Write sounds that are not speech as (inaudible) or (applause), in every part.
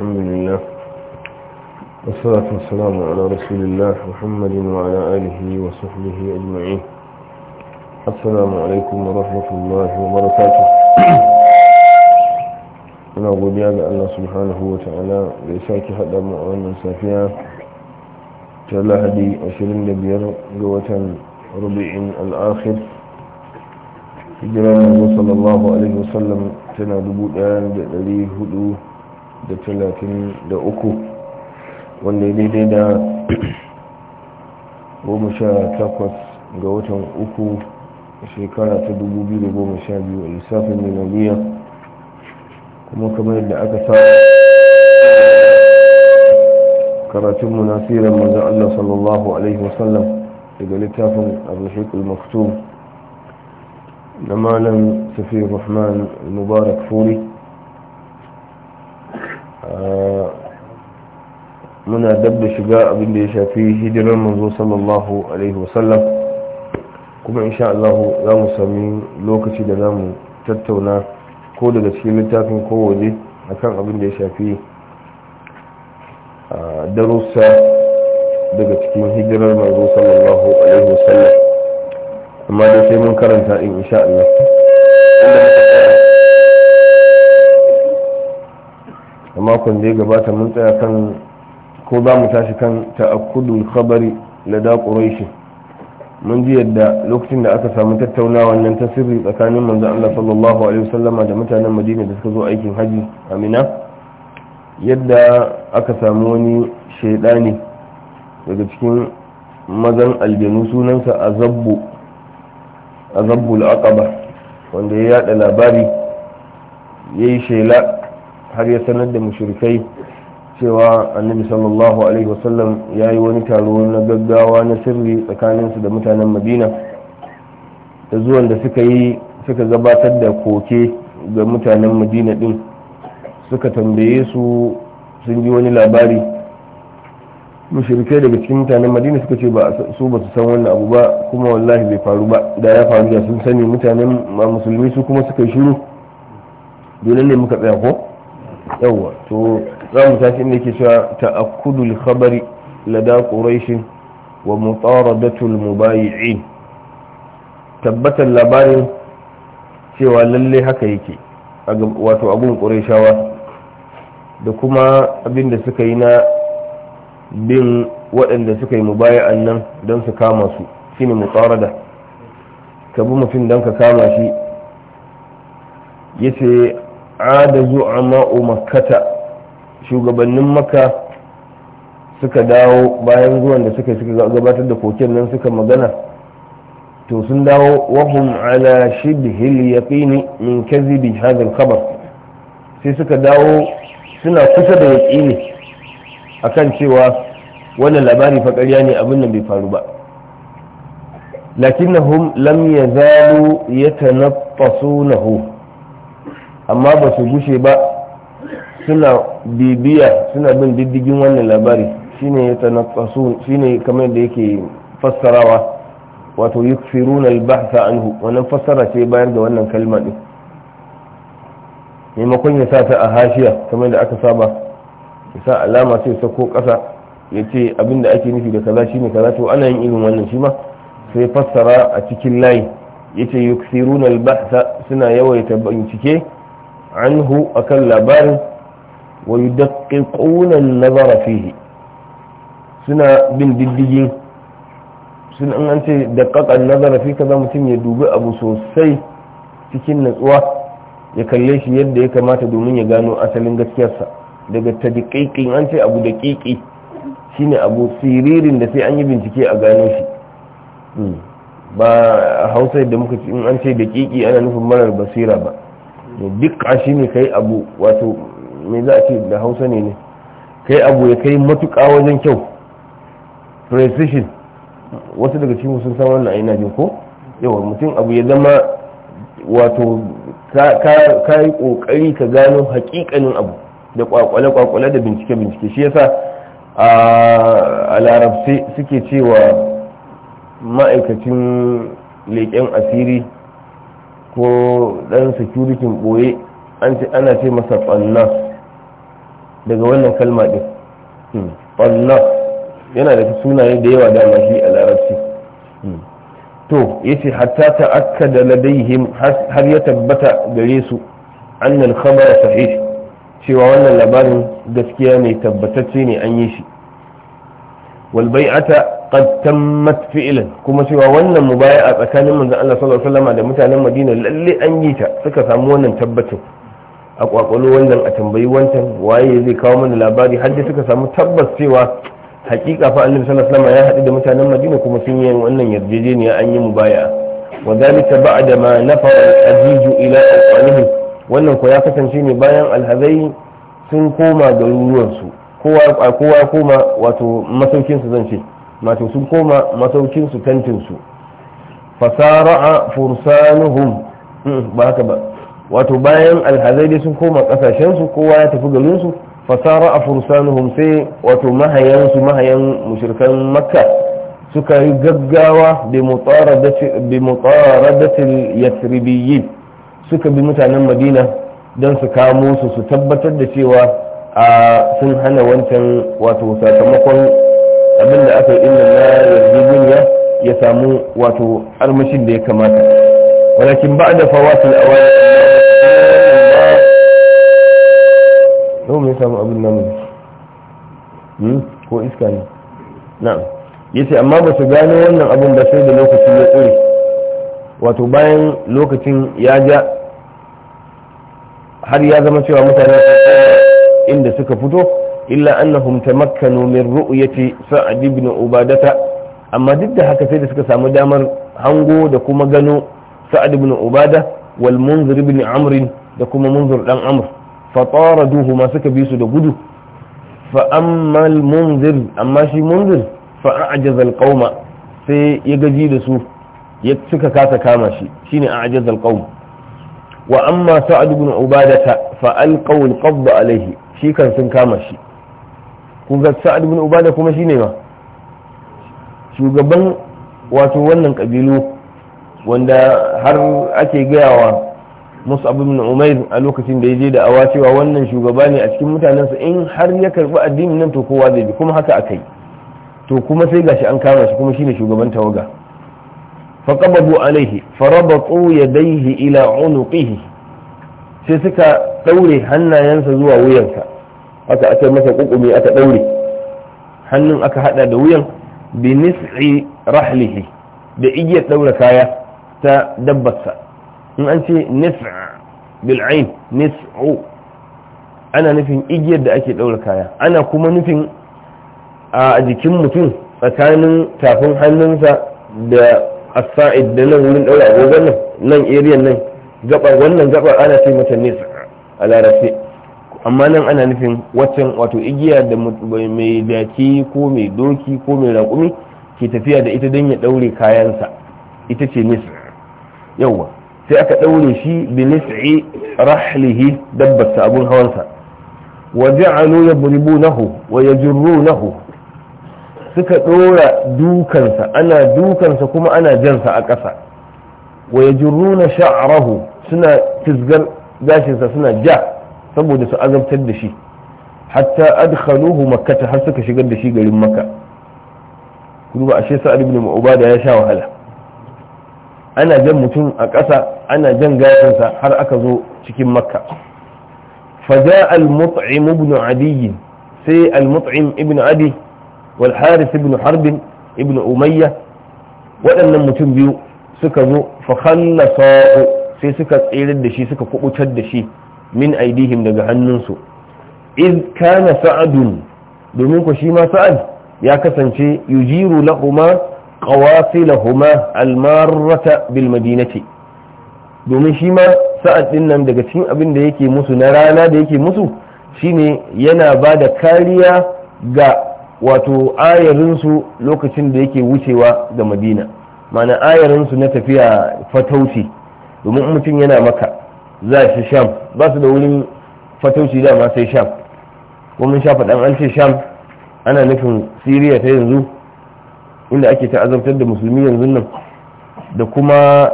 الحمد لله والصلاة والسلام على رسول الله محمد وعلى آله وصحبه أجمعين السلام عليكم ورحمة الله وبركاته أنا أقول يا الله سبحانه وتعالى ليساك هذا مؤمن سافيا هدي أشرين لبير قوة ربيع الآخر في جلال الله صلى الله عليه وسلم تنادبوا الآن بأليه هدوه da talatin da uku wanda ya daidai da goma sha takwas ga watan uku shekara ta dubu biyu da goma sha biyu a lissafin milaniya kuma kamar yadda aka samu karatun munasirar manzan allah sallallahu alaihi wasallam daga littafin abin maktum na malam safi rahman mubarak furi muna dab shiga abin da ya shafi hijirar manzo sallallahu alaihi wasallam kuma insha Allah za mu sami lokaci da za mu tattauna ko daga cikin littafin ko waje kan abin da ya shafi darussa daga cikin hijirar manzo sallallahu alaihi wasallam amma da sai mun karanta in insha Allah a makon da ya gabata mun tsaya kan ko za mu tashi kan ta'akkudul khabari lada quraishi mun ji yadda lokacin da aka samu tattaunawa nan ta sirri tsakanin manzo Allah sallallahu alaihi wasallama da mutanen Madina da suka zo aikin haji Amina yadda aka samu wani shaidani daga cikin mazan aljanu sunansa azabbu azabbul aqaba wanda ya yada labari yayi shela har ya sanar da mushrikai cewa annabi sallallahu alaihi wasallam ya yi wani taro na gaggawa na sirri tsakaninsu da mutanen madina da zuwan da suka yi suka gabatar da koke ga mutanen madina din suka tambaye su sun ji wani labari mushrikai daga cikin mutanen madina suka ce ba su ba san wannan abu ba kuma wallahi bai faru ba da ya faru da sun sani mutanen musulmi su kuma suka shiru dole ne muka tsaya ko yawwa to za mu tashi inda ke cewa ta'akkudul khabari lada quraishin wa mutaradatul mubayi'in tabbatar labarin cewa lalle haka yake wato abun quraishawa da kuma abin da suka yi na bin waɗanda suka yi mubaya'an nan don su kama su shine mutarada ka bi mutum don ka kama shi yace ada zuama makkata shugabannin makka suka dawo bayan zuwan da suka suka gabatar da koken nan suka magana to sun dawo wahum ala al yaqini min kadhibi hadha al-khabar sai suka dawo suna kusa da yaqini akan cewa wannan labari fa ƙarya ne abin nan bai faru ba lakinnahum lam yazalu yatanaffasunahu amma ba su gushe ba suna bibiya suna bin diddigin wannan labari shine ya tanaffasu shine kamar da yake fassarawa wato yukfiruna al-bahtha anhu wannan fassara ce bayar da wannan kalma din maimakon ya sa ta a hashiya kamar da aka saba ya sa alama sai sako kasa ya ce abinda ake nufi da kaza shine kaza to ana yin irin wannan shi ma sai fassara a cikin layi yace yukfiruna al-bahtha suna yawaita bincike anhu kan labarin wai yudaqqiquna an-nazara fihi suna bin diddigin sun an ce daƙaƙa nazara fi kaza mutum ya dubi abu sosai cikin natsuwa ya kalle shi yadda ya kamata domin ya gano asalin gaskiyarsa daga ta daƙiƙin an ce abu shi ne abu siririn da sai an yi bincike a gano shi hmm. ba hausa da muka in an ce daƙiƙi ana nufin marar basira ba a shi ne kai abu wato me za a ce da hausa ne ne kai abu ya kai matuƙa wajen kyau precision wasu daga cikin sun san wannan aina jin ko yawa mutum abu ya zama wato ka yi ƙoƙari ka gano haƙiƙanin abu da kwakwale-kwakwale da bincike-bincike shi yasa a alarabsai suke cewa ma'aikacin leƙen asiri ko ɗan securitin ɓoye ana ce masa tsalla daga wannan kalma ɗin tsalla hmm. yana da sunaye da yawa da shi a larabci hmm. to yace hatta ta'akkada ladaihim har ya tabbata gare su annal khabara sahih cewa wannan labarin gaskiya ne tabbatacce ne an yi shi walbai'ata bai'ata qad tammat fi'lan kuma cewa wannan mubaya'a tsakanin manzon Allah sallallahu alaihi wasallam da mutanen Madina lalle an yi ta suka samu wannan tabbacin a kwakwalo wannan a tambayi wancan waye zai kawo mana labari har da suka samu tabbas cewa hakika fa annabi sallallahu alaihi wasallam ya haɗu da mutanen Madina kuma sun yi wannan yarjejeniya an yi mubaya'a wa zalika ba'da ma nafara al ila aqwanihim wannan ko ya kasance ne bayan alhazai sun koma garuruwansu kowa ya koma wato masaukinsu zan ce mato sun koma masaukinsu su. fasara'a fursanuhum ba haka ba wato bayan alhazai sun koma kasashensu kowa ya tafi garinsu fasara'a fursanuhum sai wato mahayansu mahayan mushrikan makka suka yi gaggawa bi mutaradatil yathribiyin suka bi mutanen madina don su kamo su su tabbatar da cewa sun hana wancan wato sakamakon abin da aka yi inda na duniya ya samu wato armashin da ya kamata walakin ba da fawatul awaya yau mai samu abin namu hmm? ko iska ne ya ce amma ba su gano wannan abin ba sai da lokacin ya tsire wato bayan lokacin ya ja har ya zama cewa mutane su inda suka fito illa annahum tamakkanu min ru'yati sa'd ibn ubadata amma duk da haka sai da suka samu damar hango da kuma gano sa'd ibn ubada wal munzir ibn amr da kuma munzir dan amr fa taraduhu ma suka bi su da gudu fa amma al munzir amma shi munzir fa a'jaza al qauma sai ya gaji da su ya suka kasa kama shi shine a'jaza al qaum wa amma sa'd ibn ubadata fa alqaw al qabd alayhi shi kan sun kama shi ku ga sa'ad bin ubada kuma shine ma shugaban wato wannan kabilu wanda har ake gayawa musu bin umair a lokacin da ya je da awa cewa wannan shugaba ne a cikin mutanensa in har ya karbi addinin nan to kowa zai bi kuma haka aka yi to kuma sai gashi an kama shi kuma shine shugaban tawaga faqabadu alaihi farabatu yadayhi ila unuqihi sai suka daure hannayensa zuwa wuyansa haka aka masa kukumi aka daure hannun aka hada da wuyan bi nis'i rahlihi da igiyar daura kaya ta dabbarsa in an ce nis'a bil ain nis'u ana nufin igiyar da ake daura kaya ana kuma nufin a jikin mutum tsakanin tafin hannunsa da asa'id da nan wurin daura agogon nan nan eriyan nan gabar wannan gabar ana ce mata nis'a a larabci amma nan ana nufin waccan wato igiya da mai daki ko mai doki ko mai raƙumi ke tafiya da ita don ya ɗaure kayansa ita ce nisr yawa sai aka ɗaure shi bi nis'i rahlihi dabbar abun hawansa wa ja'alu yadribunahu wa nahu suka ɗora dukansa ana dukansa kuma ana jansa a ƙasa wa na sha'arahu suna fisgar gashinsa suna ja saboda su azabtar da shi hatta adkhaluhu makkata har suka shigar da shi garin makka kuma ashe sa'ad ibn ubada ya sha wahala ana jan mutum a ƙasa ana jan gashinsa har aka zo cikin makka faja al-mut'im ibn adi sai al-mut'im ibn adi wal harith ibn harb ibn umayya waɗannan mutum biyu suka zo fa khallasa sai suka tsirar da shi suka kubutar da shi min aidihim daga hannunsu iz kana sa'adun domin ku shi ma sa'ad ya kasance yujiru lahuma qawasilahuma almarrata bil madinati domin shi ma sa'ad din nan daga cikin abin da yake musu na rana da yake musu shine yana ba da kariya ga wato ayarinsu lokacin da yake wucewa ga madina mana ayarinsu na tafiya fatauci domin mutum yana maka za su sham ba su da wurin fatauci dama sai sham kuma sha faɗan an ce sham ana nufin siriya ta yanzu inda ake ta'azabtar da musulmi yanzu nan da kuma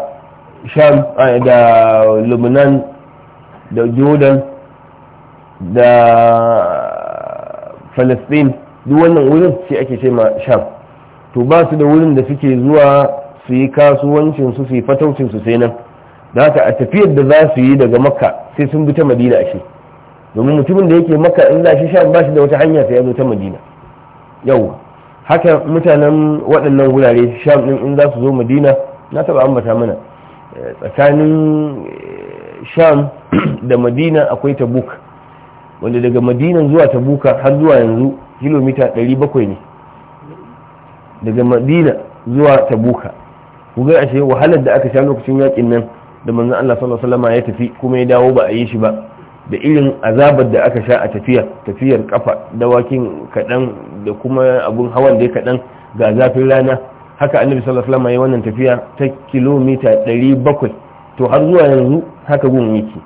sham da lebanon da jordan da palestine duk wannan wurin shi ake ce ma sham to ba su da wurin da suke zuwa su yi kasuwancinsu su yi fataucinsu sai nan da haka a tafiyar da za su yi daga makka sai sun bi ta madina ashe domin mutumin da yake makka in za shi sha ba shi da wata hanya sai ya zo ta madina yau haka mutanen waɗannan wurare sham ɗin in za su zo madina na taɓa ambata mana eh, tsakanin eh, sham (clears throat) da madina akwai tabuk wanda daga madina zuwa tabuka har zuwa yanzu kilomita 700 ne daga madina zuwa tabuka kuga ashe wahalar da aka sha lokacin yakin nan da manzon Allah sallallahu alaihi wasallam ya tafi kuma ya dawo ba a yi shi ba da irin azabar da aka sha a tafiya tafiyar kafa dawakin kaɗan da kuma abun hawan da kaɗan ga zafin rana haka annabi sallallahu alaihi wasallam ya wannan tafiya ta kilomita 700 to har zuwa yanzu haka gun yake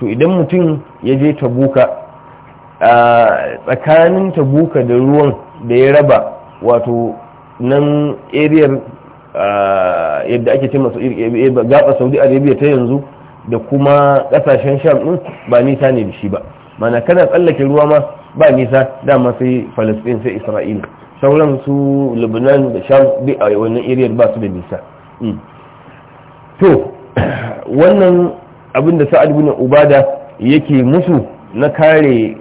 to idan mutum ya je tabuka a tsakanin tabuka da ruwan da ya raba wato nan eriyar. yadda ake ce masu gaba saudi arabia ta yanzu da kuma kasashen sham din ba nisa ne da shi ba mana kana tsallake ruwa ma ba nisa dama sai palestine sai isra'ila sauran su lebanon da sham bi a wannan iriyar ba su da nisa to wannan abin da sa'ad bin ubada yake musu na kare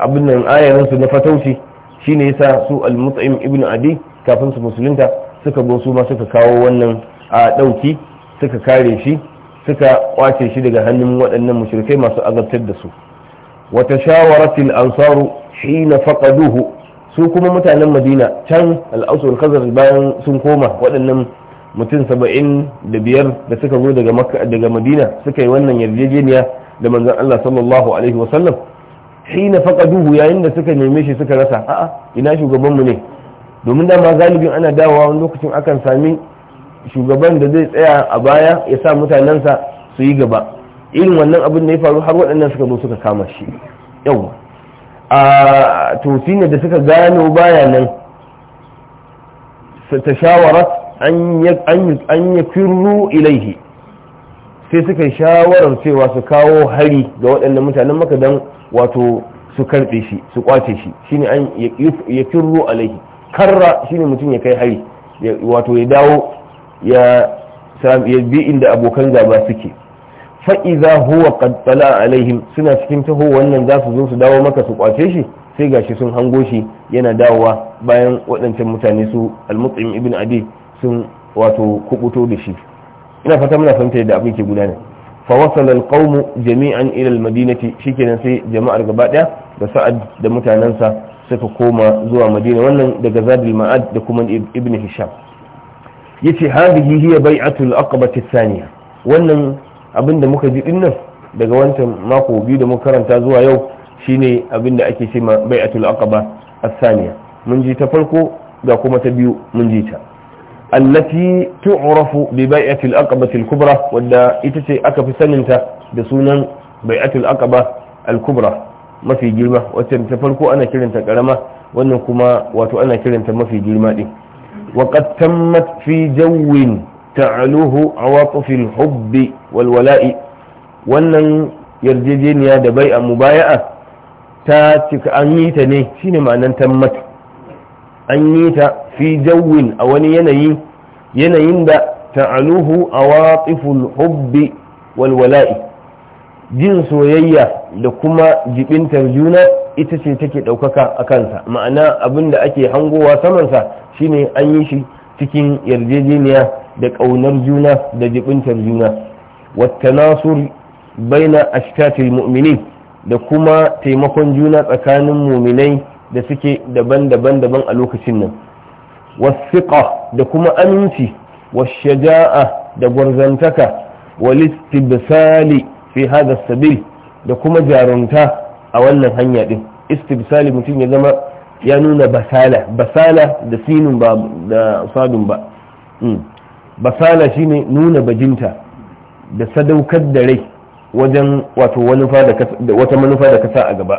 abin nan ayarinsu na fatauci shine yasa su al-mut'im ibn adi kafin su musulunta suka zo su ma suka kawo wannan a ɗauki suka kare shi suka kwace shi daga hannun waɗannan mushrikai masu azabtar da su wata shawaratil ansaru hina faqaduhu su kuma mutanen madina can al'asul khazar bayan sun koma waɗannan mutum saba'in da biyar da suka zo daga daga madina suka yi wannan yarjejeniya da manzon Allah sallallahu alaihi wasallam hina faqaduhu yayin da suka neme shi suka rasa a'a ina shugabanmu ne domin dama galibin ana dawowa wani lokacin akan sami shugaban da zai tsaya a baya ya sa mutanensa su yi gaba irin wannan abin da ya faru har waɗannan suka zo suka kama shi yau a to da suka gano baya nan ta shawarar an ya firru ilaihi sai suka yi shawarar cewa su kawo hari ga waɗannan mutanen maka don wato su karɓe shi su kwace shi shine an ya firru alaihi karra shine mutum ya kai hari wato ya dawo ya bi inda abokan gaba suke fa'iza huwa a alaihim suna cikin taho wannan za su zo su dawo maka su kwace shi sai gashi sun hango shi yana dawowa bayan waɗancan mutane su almutsim ibn abi sun wato kubuto da shi ina fata muna fahimta yadda abin ke gudana fa wasala alqawmu jami'an ila madinati shikenan sai jama'ar gaba daya da sa'ad da mutanensa. suka koma zuwa madina wannan daga zadul ma'ad da kuma ibn hisham yace hadhihi hiya bai'atul aqabati thaniya wannan abinda muka ji dinnan daga wancan mako biyu da muka karanta zuwa yau shine abin da ake ce ma bai'atul aqaba athaniya mun ji ta farko ga kuma ta biyu mun ji ta allati tu'rafu bi bai'atil aqabati al-kubra wadda ita ce aka fi saninta da sunan bai'atul aqaba al-kubra mafi girma wacce ta farko ana kiranta karama wannan kuma wato ana kiranta mafi girma din wa qad tammat fi jawwin ta'aluhu awaqif al-hubb wal wala'i wannan yarjejeniya da bai'a mubaya'a ta cika an yi ta ne shine ma'anan tammat an yi ta fi jawwin a wani yanayi yanayin da ta'aluhu awaqif al-hubb wal wala'i jin soyayya da kuma jibintar juna ita ce take ɗaukaka a kansa ma'ana abin da ake hangowa samansa shine an yi shi cikin yarjejeniya da ƙaunar juna da jibintar juna wata nasur baina ashtatil mu'minin da kuma taimakon juna tsakanin muminai da suke daban-daban a lokacin nan wasiƙa da kuma aminci shaja'a da gwarzantaka walistibsali fi hada sabil da kuma jarunta a wannan hanya din istibsali mutum ya zama ya nuna basala basala da sinin ba da sadun ba hmm. basala shine nuna bajinta da sadaukar da rai wajen wato wata manufa da kasa a gaba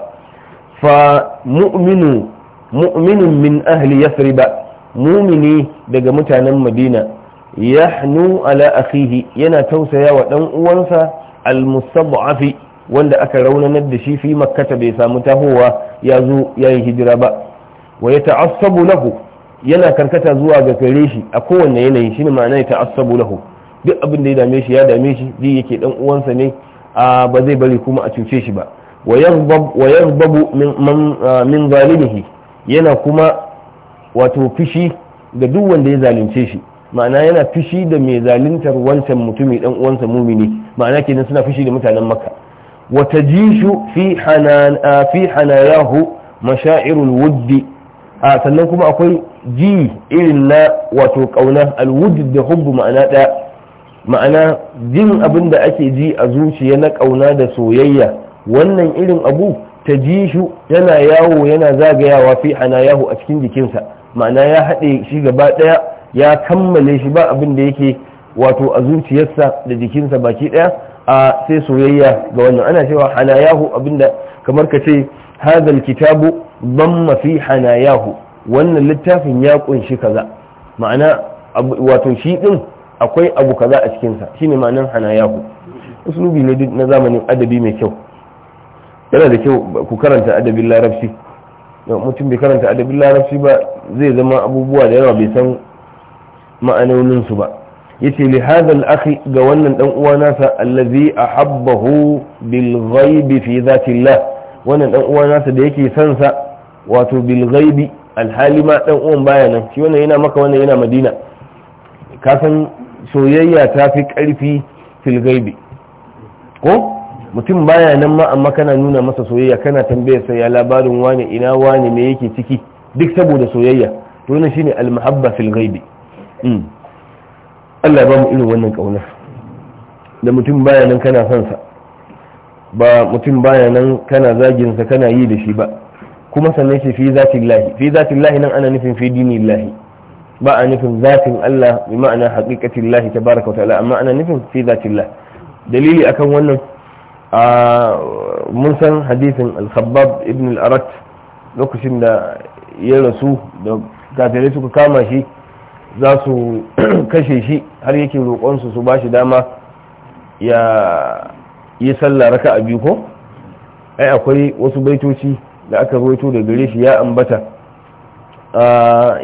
fa mu'minu mu'minun min ahli yasriba mumini daga mutanen madina yahnu ala akhihi yana tausaya wa dan uwansa al-mustad'afi wanda aka raunanar da shi fi makkata bai samu tahowa ya zo yi hijira ba wa ya ta'assabu lahu yana karkata zuwa ga kare shi a kowanne yanayi shine ma'ana ya ta'assabu lahu duk abin da ya dame shi ya dame shi ji yake dan uwansa ne a ba zai bari kuma a cuce shi ba wa yaghdabu min zalimihi yana kuma wato fishi ga duk wanda ya zalunce shi ma'ana yana fushi da mai zaluntar wancan mutumi dan uwansa mumini ma'ana kenan suna fushi da mutanen makka wa tajishu fi hanana fi hanayahu mashairul wuddi a sannan kuma akwai ji irin na wato kauna alwudd da hubbu ma'ana da ma'ana jin abin da ake ji a zuciya na kauna da soyayya wannan irin abu tajishu yana yawo yana zagayawa fi hanayahu a cikin jikinsa ma'ana ya haɗe shi gaba ɗaya ya kammale shi ba abin da yake wato a zuciyarsa da jikinsa baki ɗaya a sai soyayya ga wannan ana cewa hanayahu abinda kamar ka ce hadal kitabu dhamma mafi hanayahu wannan littafin ya kunshi kaza ma'ana wato shi din akwai abu kaza a cikinsa shine ma'anar hanayahu usulubi ne na zamanin adabi mai kyau yana da kyau ku karanta adabin larabci mutum bai karanta adabin larabci ba zai zama abubuwa da yawa bai san ma'anoninsu ba yace li hadha al-akhi ga wannan dan uwa nasa allazi ahabbahu bil ghaibi fi dhati Allah wannan dan uwa nasa da yake son sa wato bil ghaibi alhali ma dan uwan baya nan shi wannan yana maka wannan yana Madina ka san soyayya ta fi karfi fil ghaibi ko mutum baya nan ma amma kana nuna masa soyayya kana tambayar sa ya labarin wani ina wani me yake ciki duk saboda soyayya to wannan shine al muhabba fil ghaibi Mm. Allah ba mu irin wannan ƙaunar da mutum baya nan kana son sa ba mutum baya nan kana zagin sa kana yi da shi ba kuma sannan shi fi zatin lahi fi zatin lahi nan ana nufin fi dini lahi ba a nufin zatin Allah bi ma'ana haqiqatin lahi tabaraka wa ta'ala amma ana nufin fi zatin lahi dalili akan wannan a mun san hadisin al-khabbab ibn al-arat lokacin da ya rasu da kafirai suka kama shi za su (clears throat) kashe shi har yake roƙonsu su ba shi dama ya yi sallah raka a biyu ko ai akwai wasu baitoci da aka roito da gare shi ya ambata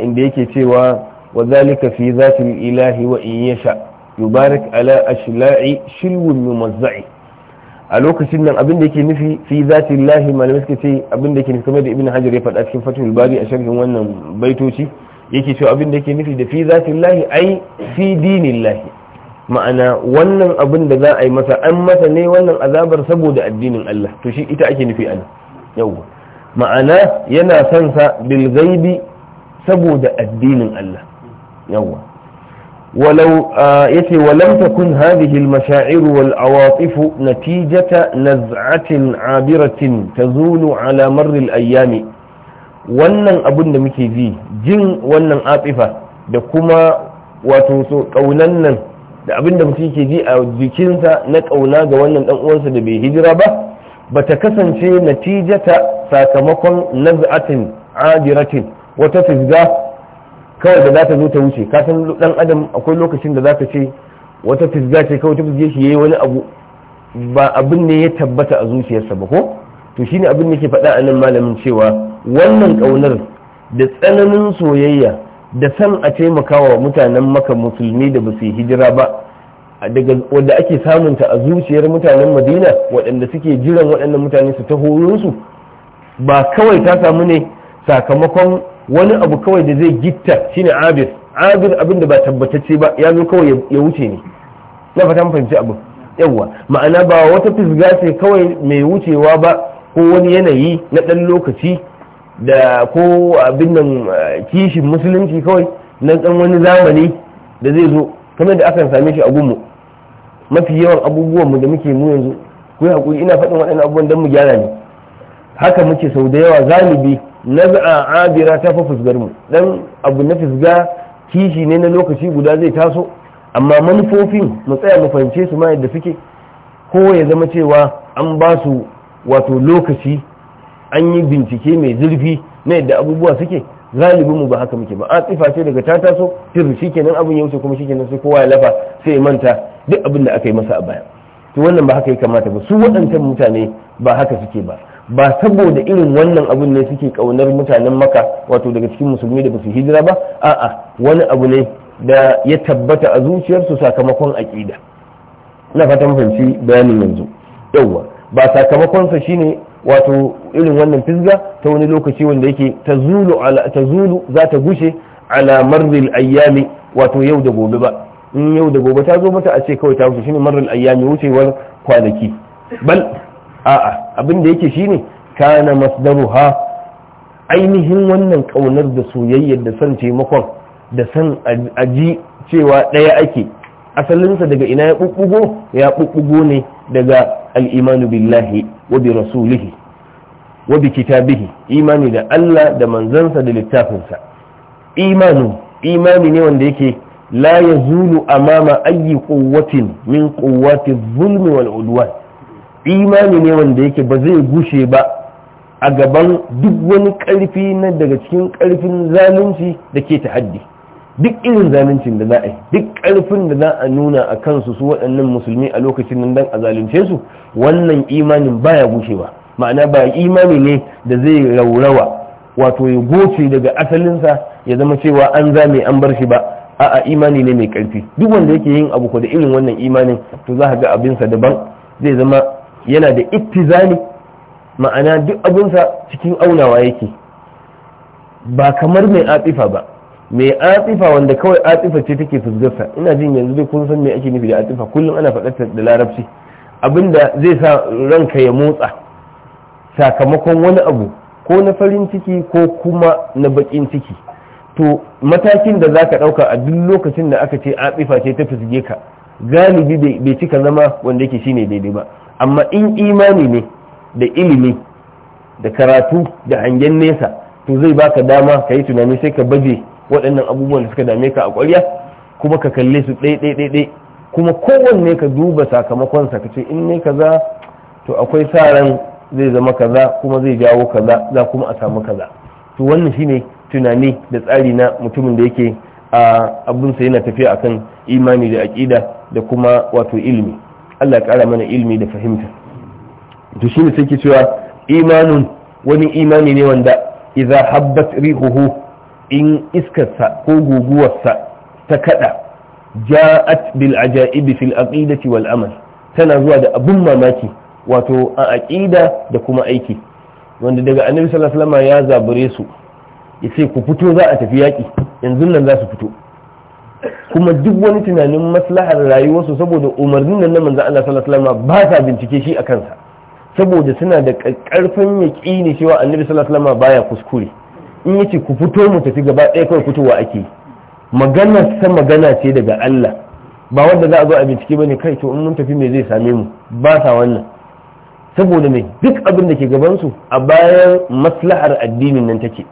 inda yake cewa wa zalika fi zatin ilahi wa in yasha yubarak ala ashla'i shilwun mumazza'i a lokacin nan abin da yake nufi fi zatin lahi malamai suka ce abin da yake nufi kamar da ibn hajar ya faɗa cikin fatul bari a sharhin wannan baitoci yake cewa abin da yake nufi da fi lahi ai fi lahi ma'ana wannan abin da za a yi masa an masa ne wannan azabar saboda addinin Allah to shi ita ake nufi yawwa ma'ana yana son sa bil gaibi saboda addinin Allah yawwa ولو يتي ولم تكن هذه المشاعر والعواطف نتيجة نزعة عابرة تزول على مر الأيام wannan abin da muke ji jin wannan atsifa da kuma wato so kaunan nan da abin da mutum ke ji a jikinsa na kauna ga wannan dan uwansa da bai hijira ba ba ta kasance natijata sakamakon naz'atin adiratin wata fisga kawai da za ta zo ta wuce kasan dan adam akwai lokacin da za ka ce wata fisga ce kawai ta fisge shi yayi wani abu ba abin ne ya tabbata a zuciyarsa ba ko to shine abin da ke faɗa a nan malamin cewa wannan ƙaunar da tsananin soyayya da san a taimakawa mutanen maka musulmi da ba su hijira ba daga wadda ake samunta a zuciyar mutanen madina waɗanda suke jiran waɗannan mutane su taho ba kawai ta samu ne sakamakon wani abu kawai da zai gitta shine abir abir abin da ba tabbatacce ba ya zo kawai ya wuce ne na fata fahimci abu yawwa ma'ana ba wata fisga ce kawai mai wucewa ba ko wani yanayi na ɗan lokaci da ko abin nan eh, kishin musulunci kawai na ɗan wani zamani da zai zo kamar da aka same shi a gunmu mafi yawan abubuwanmu da muke mu yanzu ku yi haƙuri ina faɗin waɗannan abubuwan don mu gyara ne haka muke sau da yawa zalibi naza'a abira ta fa fusgar mu dan abu na fusga kishi ne na lokaci guda zai taso amma manufofin mu tsaya mu fahimce su ma yadda suke ko ya zama cewa an ba su wato lokaci an yi bincike mai zurfi na yadda abubuwa suke zalibi mu ba haka muke ba a tsifa ce daga ta taso tir shikenan abin ya wuce kuma shikenan sai kowa ya lafa sai ya manta duk abin da aka yi masa a baya to wannan ba haka ya kamata ba su waɗancan mutane ba haka suke ba ba saboda irin wannan abun ne suke kaunar mutanen maka wato daga cikin musulmi da basu hijira ba a'a wani abu ne da ya tabbata a zuciyarsu sakamakon aƙida ina fatan fahimci bayanin yanzu yauwa ba sakamakonsa shine wato irin wannan fisga ta wani lokaci wanda yake ta zulu za ta gushe ala marril ayyami wato yau da gobe ba in yau da gobe ta zo mata a ce kawai ta wuce shine marril ayyami wucewar kwanaki bal a'a abin da yake shine kana masdaruha ainihin wannan kaunar da soyayyar da san taimakon da san aji cewa ɗaya ake asalinsa daga ina ya bubugo ya ɓuɓɓugo ne daga al imanu billahi wa bi rasulihi wa bi kitabihi imani da Allah da manzansa da littafinsa imanu imani ne wanda yake la yazulu amama ayyi quwwatin min quwwati zulmi wal udwan imani ne wanda yake ba zai gushe ba a gaban duk wani karfi na daga cikin karfin zalunci da ke haddi duk irin zaluncin da za a yi duk ƙarfin da za a nuna a kansu su waɗannan musulmi a lokacin nan dan a zalunce su wannan imanin baya gushewa ma'ana ba imani ne da zai raurawa wato ya goce daga asalinsa ya zama cewa an zame an bar shi ba a'a imani ne mai ƙarfi duk wanda yake yin abu ko da irin wannan imanin to za ga abinsa daban zai zama yana da ittizali ma'ana duk abinsa cikin aunawa yake ba kamar mai atifa ba mai atifa wanda kawai atifa ce take fusgarsa ina jin yanzu dai kun san me ake nufi da atifa kullum ana faɗarta da larabci abinda zai sa ranka ya motsa sakamakon wani abu ko na farin ciki ko kuma na bakin ciki to matakin da zaka ɗauka a duk lokacin da aka ce atifa ce ta fusge ka galibi bai cika zama wanda yake shine daidai ba amma in imani ne da ilimi da karatu da hangen nesa to zai baka dama ka yi tunani sai ka baje waɗannan abubuwan da suka dame ka a ƙwarya kuma ka kalle su ɗaiɗaiɗaiɗai kuma kowanne ka duba sakamakonsa sa ka ce in ne kaza to akwai sa ran zai zama kaza kuma zai jawo kaza za kuma a samu kaza to wannan shine tunani da tsari na mutumin da yake a abinsa yana tafiya akan imani da aƙida da kuma wato ilmi Allah ƙara mana ilmi da fahimta to shine sai ke cewa imanin wani imani ne wanda idza habbat rihuhu in iskarsa ko guguwarsa ta kada ja'at bil ajaibi fil aqidati wal amal tana zuwa da abun mamaki wato a aqida da kuma aiki wanda daga annabi sallallahu alaihi wasallam ya zabure su yace ku fito za a tafi yaki yanzu nan za su fito kuma duk wani tunanin maslahar rayuwarsu saboda umarnin nan na manzon Allah sallallahu alaihi wasallam ba sa bincike shi a kansa saboda suna da karfin yaƙini cewa annabi sallallahu alaihi wasallam baya kuskure in yace ku fito mu tafi gaba ɗaya kawai fitowa ake magana ta magana ce daga Allah ba wanda za a zo a bincike bane kai to in mun tafi me zai same mu ba sa wannan saboda me duk abin da ke gaban su a bayan maslahar addinin nan take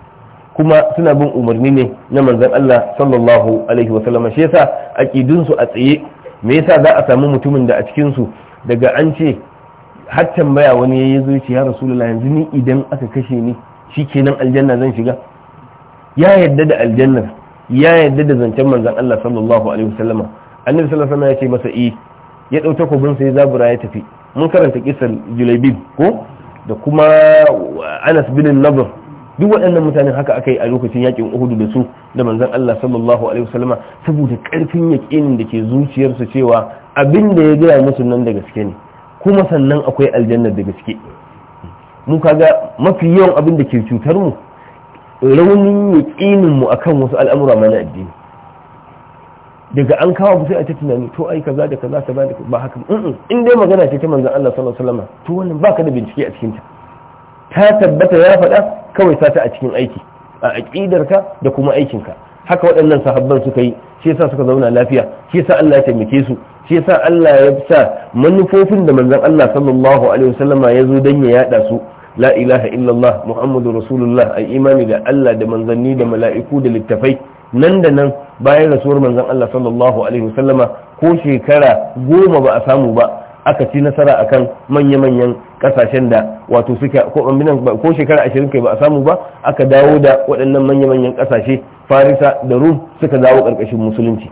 kuma suna bin umarni ne na manzon Allah sallallahu alaihi wa sallam shi yasa aqidun su a tsaye me yasa za a samu mutumin da a cikin su daga an ce har tambaya wani yayi zuciya ya yanzu ni idan aka kashe ni shi kenan aljanna zan shiga ya yadda da aljanna. ya yadda da zancen manzan Allah sallallahu alaihi wasallama annabi sallallahu alaihi ya ce masa eh ya dau takobin sai zabura ya tafi mun karanta kisar julaybib ko da kuma Anas bin Nadr duk waɗannan mutanen haka aka yi a lokacin yakin Uhudu da su da manzan Allah sallallahu alaihi wasallama saboda karfin yakinin da ke zuciyarsa cewa abin da ya gaya musu nan da gaske ne kuma sannan akwai aljanna da gaske mun kaga mafi yawan abin da ke cutar mu raunin ƙinin mu akan wasu al'amura mana addini daga an kawo sai a ta tunani to ai kaza da kaza ta ba da ba haka in dai magana ce ta manzon Allah sallallahu alaihi wasallam to wannan baka da bincike a cikin ta ta tabbata ya faɗa kawai sata a cikin aiki a ka da kuma aikinka haka waɗannan sahabban suka yi shi yasa suka zauna lafiya shi yasa Allah ya taimake su shi yasa Allah ya sa manufofin da manzon Allah sallallahu alaihi wasallama ya zo dan ya yada su la ilaha illallah muhammadu rasulullah a imani da allah da manzanni da mala'iku da littafai nan da nan bayan rasuwar manzan allah sallallahu alaihi wasallama ko shekara goma ba a samu ba aka ci nasara akan manya-manyan kasashen da wato suka ko shekara ashirin kai ba a samu ba aka dawo da waɗannan manya-manyan kasashe farisa da rum suka dawo ƙarƙashin musulunci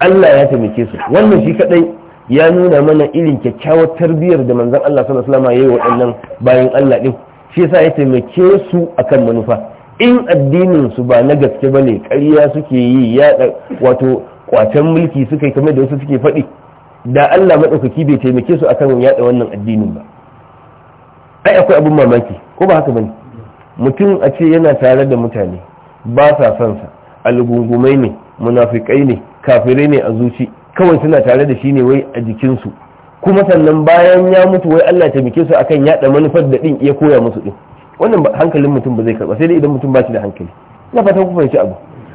allah ya taimake su wannan shi kaɗai ya nuna mana irin kyakkyawar tarbiyyar da manzon Allah sallallahu alaihi wasallam yayi waɗannan bayan Allah din shi yasa ya taimake su akan manufa in addinin su ba na gaske bane ƙarya suke yi ya wato kwacen mulki suka yi kamar da wasu suke faɗi da Allah maɗaukaki bai taimake su akan yaɗa wannan addinin ba ai akwai abin mamaki ko ba haka bane mutum a ce yana tare da mutane ba sa son sa algungumai ne munafikai ne kafirai ne a zuci kawai suna tare da shi ne wai a jikinsu kuma sannan bayan ya mutu wai Allah ta su akan yaɗa manufar da ɗin iya koya musu ɗin wannan hankalin mutum ba zai karɓa sai dai idan mutum ba shi da hankali na fatan ku fahimci abu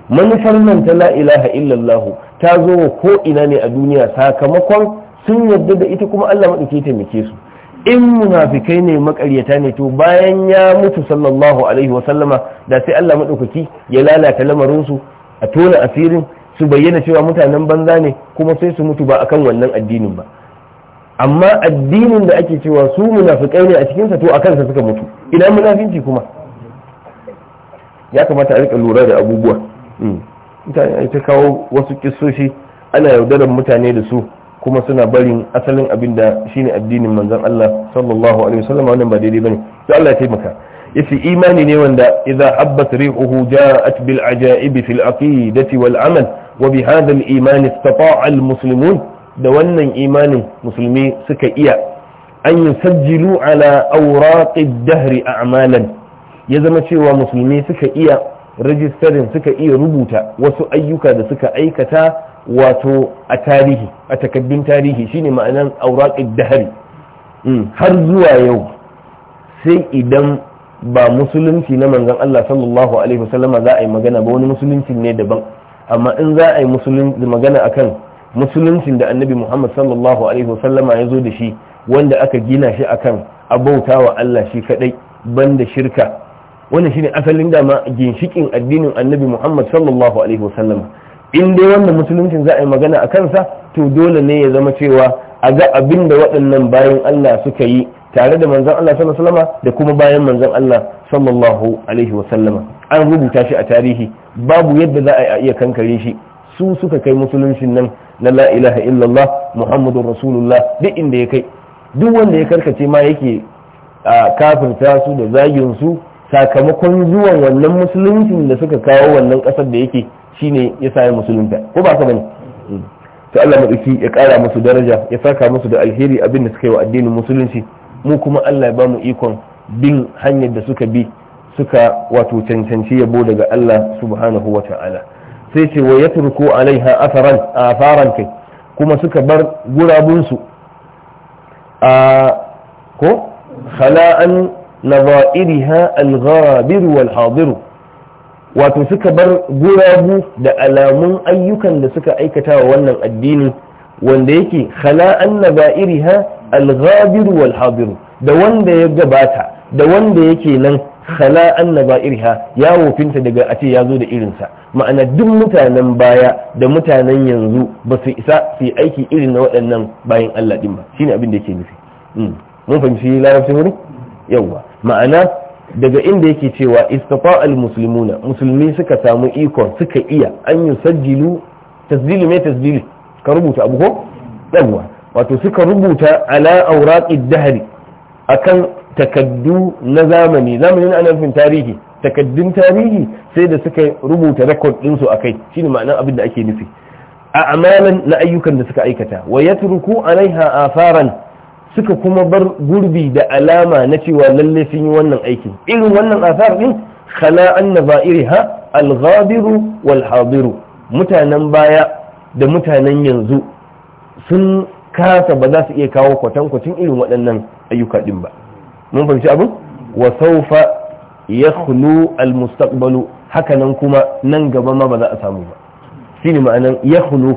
manufar nan ta la ilaha illallah ta zo wa ko ina ne a duniya sakamakon sun yarda da ita kuma Allah madauke ta taimake su in munafikai ne makaryata ne to bayan ya mutu sallallahu alaihi sallama da sai Allah madaukaki ya lalata lamarin su a tona asirin su bayyana cewa mutanen banza ne kuma sai su mutu ba akan wannan addinin ba amma addinin da ake cewa su munafikai ne a sa to a kansa suka mutu ina munafinci kuma ya kamata a rika lura da abubuwa hmm. mutane ta kawo wasu kisoshi ana yaudarar mutane da su kuma suna barin asalin abin da shine addinin manzon Allah sallallahu alaihi wasallam wannan ba daidai bane to Allah ya taimaka yace imani ne wanda idza abbat rihuhu ja'at bil ajaib fil aqidati wal amal wa bi hadha al iman istata'a al muslimun da wannan imanin musulmi suka iya an yusajjilu ala awraq ad a a'malan ya zama cewa musulmi suka iya rajistarin suka iya rubuta wasu ayyuka da suka aikata wato a tarihi a takaddun tarihi shine ma'anan awraq ad hmm, har zuwa yau sai idan ba musulunci na manzon Allah sallallahu alaihi wasallama za a yi magana ba wani musulunci ne daban amma in za a yi musulunci magana akan musuluncin da annabi Muhammad sallallahu alaihi wasallama ya zo da shi wanda aka gina shi akan wa Allah shi kadai banda shirka wannan shine asalin dama ginshikin addinin annabi Muhammad sallallahu alaihi wasallama in dai wannan musulunci za a yi magana a kansa to dole ne ya zama cewa a ga abin da waɗannan bayan Allah suka yi tare da manzon Allah sallallahu alaihi wasallama da kuma bayan manzon Allah sallallahu alaihi wasallama an rubuta shi a tarihi babu yadda za a iya kankare shi su suka kai musulunci nan na la ilaha illallah muhammadun rasulullah duk inda ya kai duk wanda ya karkace ma yake kafirta su da zagin su sakamakon zuwan wannan musuluncin da suka kawo wannan kasar da yake shine ya sa musulunta ko ba ka bane mm. to Allah madauki ya kara musu daraja ya saka musu da alheri abin da suka yi wa addinin musulunci mu kuma Allah ya bamu ikon bin hanyar da suka bi suka wato cancanci yabo daga Allah subhanahu wa ta'ala sai ce wa yatruku alaiha atharan atharan kai kuma suka bar gurabun su a ko khala'an nadha'iriha al-ghabir wal hadir wato suka bar gurabu da alamun ayyukan da suka aikata wa wannan addini wanda yake khala'an nadha'iriha Alhabiru ghadir wal da wanda ya gabata da wanda yake nan khala annaba irha ya wofinta daga a ce ya zo da irinsa ma'ana duk mutanen baya da mutanen yanzu ba su isa su yi aiki irin na waɗannan bayan Allah din ba shine abin da yake nufi hmm. mun fahimci larabcin wuri yawwa ma'ana daga inda yake cewa istafa al muslimuna musulmi suka samu ikon suka iya an yusajjilu tasdilu mai tasdilu ka rubuta abu ko wato suka rubuta ala auraqi dahri akan takaddu na zamani zamani na nufin tarihi takaddun tarihi sai da suka rubuta rekod din su akai shine ma'anar abin da ake nufi a amalan na ayyukan da suka aikata wa yatruku alaiha afaran suka kuma bar gurbi da alama na cewa lalle sun yi wannan aiki irin wannan asar din khala anna za'iriha al-ghadiru mutanen baya da mutanen yanzu sun kasa ba za su iya kawo kwatankwacin irin waɗannan ayyuka ɗin ba mun fahimci abin wa saufa ya mustaqbalu almustaqbalu nan kuma nan gaba ma ba za a samu ba ne ma'anan ya hulu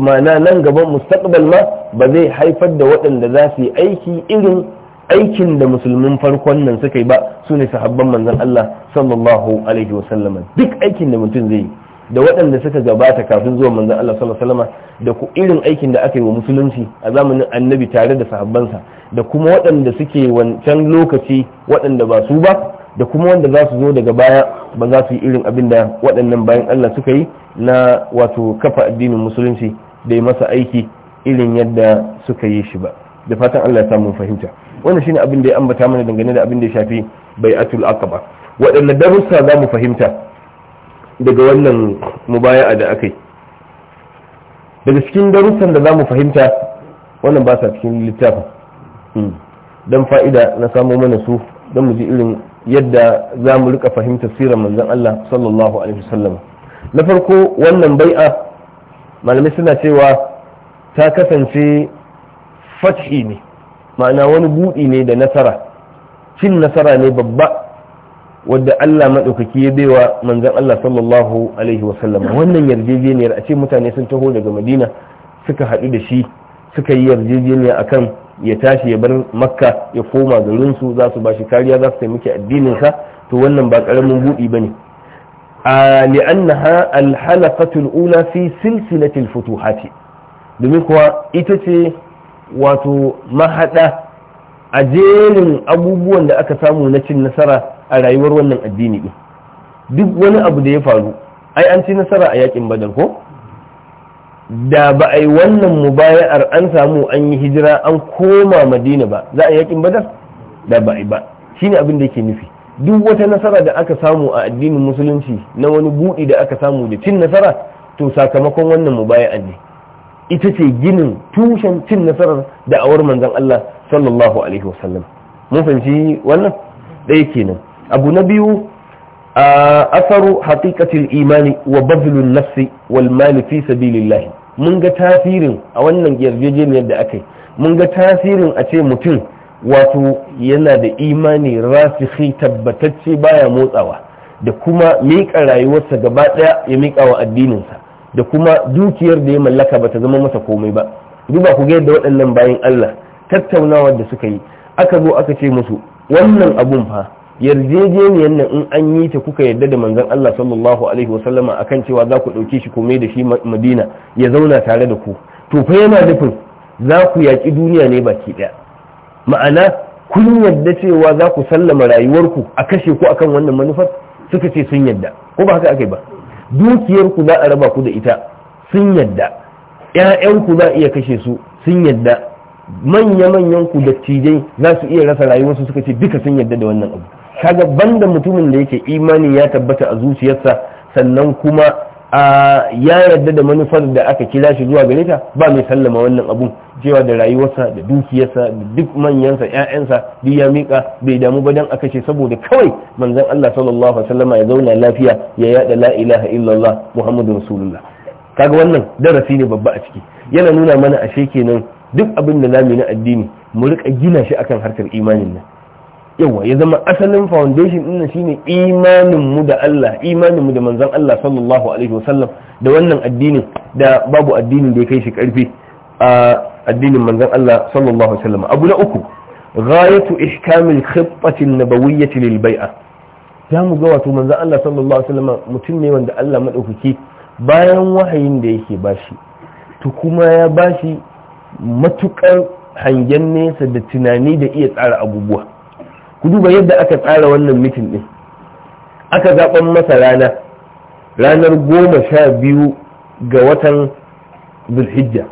ma'ana nan gaban mustaqbal ma ba zai haifar da waɗanda za su yi aiki irin aikin da musulmin farkon nan suka yi ba su ne sahabban manzon Allah sallallahu alaihi wasallam duk aikin da mutum zai yi da waɗanda suka gabata kafin zuwa manzon Allah sallallahu alaihi wasallam da ku irin aikin da aka yi wa musulunci a zamanin annabi tare da sahabbansa da kuma waɗanda suke wancan lokaci waɗanda ba su ba da kuma wanda za su zo daga baya ba za su yi irin abin da waɗannan bayan Allah suka yi na wato kafa addinin musulunci da yi masa aiki irin yadda suka yi shi ba da fatan Allah ya samu fahimta wannan shine abin da ya ambata mana dangane da abin da ya shafi bai'atul aqaba waɗanne darussa za mu fahimta daga wannan mubaya'a da aka yi daga cikin darussan da za mu fahimta wannan ba sa cikin littafin hmm. don fa'ida na samo mana su don mu ji irin yadda za mu rika fahimta sirar manzan Allah sallallahu alaihi wasallam na farko wannan bai'a malamai suna cewa ta kasance fashi ne ma'ana wani buɗi ne da nasara cin nasara ne babba wadda Allah maɗaukaki ya baiwa manzon Allah sallallahu alaihi wa sallam wannan yarjejeniyar a ce mutane sun taho daga Madina suka haɗu da shi suka yi yarjejeniya akan ya tashi ya bar makka ya koma garinsu za su bashi kariya za su taimaki addininsa to wannan ba karamin buɗi bane ne a li'annaha alhalaqatul ula fi silsilatil futuhati domin kuwa ita ce wato mahada a jerin abubuwan da aka samu na cin nasara a rayuwar wannan addini din duk wani abu da ya faru ai an ci nasara a yakin badar ko da ba a yi wannan mubaya'ar an samu an yi hijira an koma madina ba za a yakin badar da ba a yi ba ne abin da ke nufi duk wata nasara da aka samu a addinin musulunci na wani buɗi da aka samu da cin nasara to sakamakon wannan mubaya'a ne ita ce ginin tushen cin nasarar da awar manzon Allah sallallahu alaihi wasallam mun fahimci wannan ɗaya kenan abu na biyu a asaru haƙiƙatin imani wa Babilun nafsi wal mali fi lillahi mun ga tasirin a wannan yarjejeniyar da aka yi mun ga tasirin a ce mutum wato yana da imani rasikhi tabbatacce baya motsawa da kuma miƙa rayuwarsa gaba ɗaya ya miƙa wa addininsa da kuma dukiyar da ya mallaka ba ta zama masa komai ba duba ku ga yadda waɗannan bayan Allah tattaunawar da suka yi aka zo aka ce musu wannan abun fa yarjejeniyar nan in an yi ta kuka yarda da manzon Allah sallallahu alaihi wasallama akan cewa za ku ɗauke shi komai da shi Madina ya zauna tare da ku to fa yana nufin za ku yaƙi duniya ne baki ɗaya ma'ana kun yarda cewa za ku sallama rayuwarku a kashe ku akan wannan manufar suka ce sun yarda ko ba haka aka yi ba dukiyarku za a raba ku da ita sun yarda ku za a iya kashe su sun yarda manya-manyan ku dattijai za su iya rasa rayuwarsu suka ce duka sun yarda da wannan abu kaga banda mutumin da yake imani ya tabbata a zuciyarsa sannan kuma ya yarda da manufar da aka kira shi zuwa gare ta ba mai sallama wannan abun cewa da rayuwarsa da dukiyarsa da duk manyansa 'ya'yansa duk ya mika bai damu ba dan aka ce saboda kawai manzon Allah sallallahu alaihi wasallama ya zauna lafiya ya yada la ilaha illallah muhammadu rasulullah kaga wannan darasi ne babba a ciki yana nuna mana ashe kenan duk abin da zamu na addini mu rika gina shi akan harkar imanin nan yawa ya zama asalin foundation ɗin shi ne imaninmu da Allah imaninmu da manzan Allah sallallahu alaihi wasallam da wannan addini da babu addinin da ya kai shi karfi a addinin manzan Allah sallallahu alaihi wasallam abu na uku ghayatu ihkamil khittati ya nabawiyyati lil bai'a za mu ga wato manzan Allah sallallahu alaihi wasallam mutum ne wanda Allah madaukaki bayan wahayin da yake bashi to kuma ya bashi matukar hangen nesa da tunani da iya tsara abubuwa ku duba yadda aka tsara wannan mitin ɗin, aka zaɓan masa rana ranar goma sha biyu ga watan Bilhijja.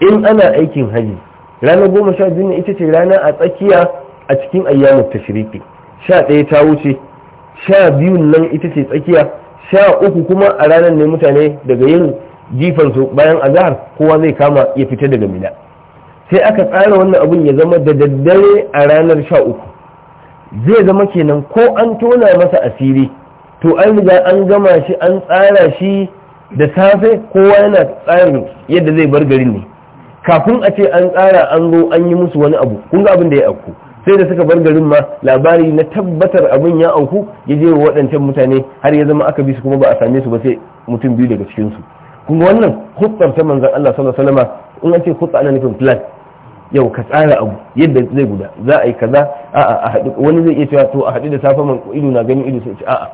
in ana aikin haji ranar goma sha biyu ne ita ce rana a tsakiya a cikin ta tashiriki sha ɗaya ta wuce sha biyun nan ita ce tsakiya sha uku kuma a ranar ne mutane daga yin jifansu bayan azahar kowa zai kama ya fita daga mina sai aka tsara wannan abun ya zama da daddare a ranar sha uku zai zama kenan ko an tona masa asiri to an riga an gama shi an tsara shi da safe kowa yana tsarin yadda zai bar garin ne kafin a ce an tsara an zo an yi musu wani abu kun abin da ya auku sai da suka bar garin ma labari na tabbatar abin ya auku ya je wa waɗancan mutane har ya zama aka bi su kuma ba a same su ba sai mutum biyu daga cikin su kun wannan hutsar ta manzon Allah sallallahu alaihi wasallam in an ce hutsa ana nufin plan yau ka tsara abu yadda zai guda za a yi kaza a'a a haɗu wani zai iya cewa to a haɗu da safe man ido na ganin ido sai ce a'a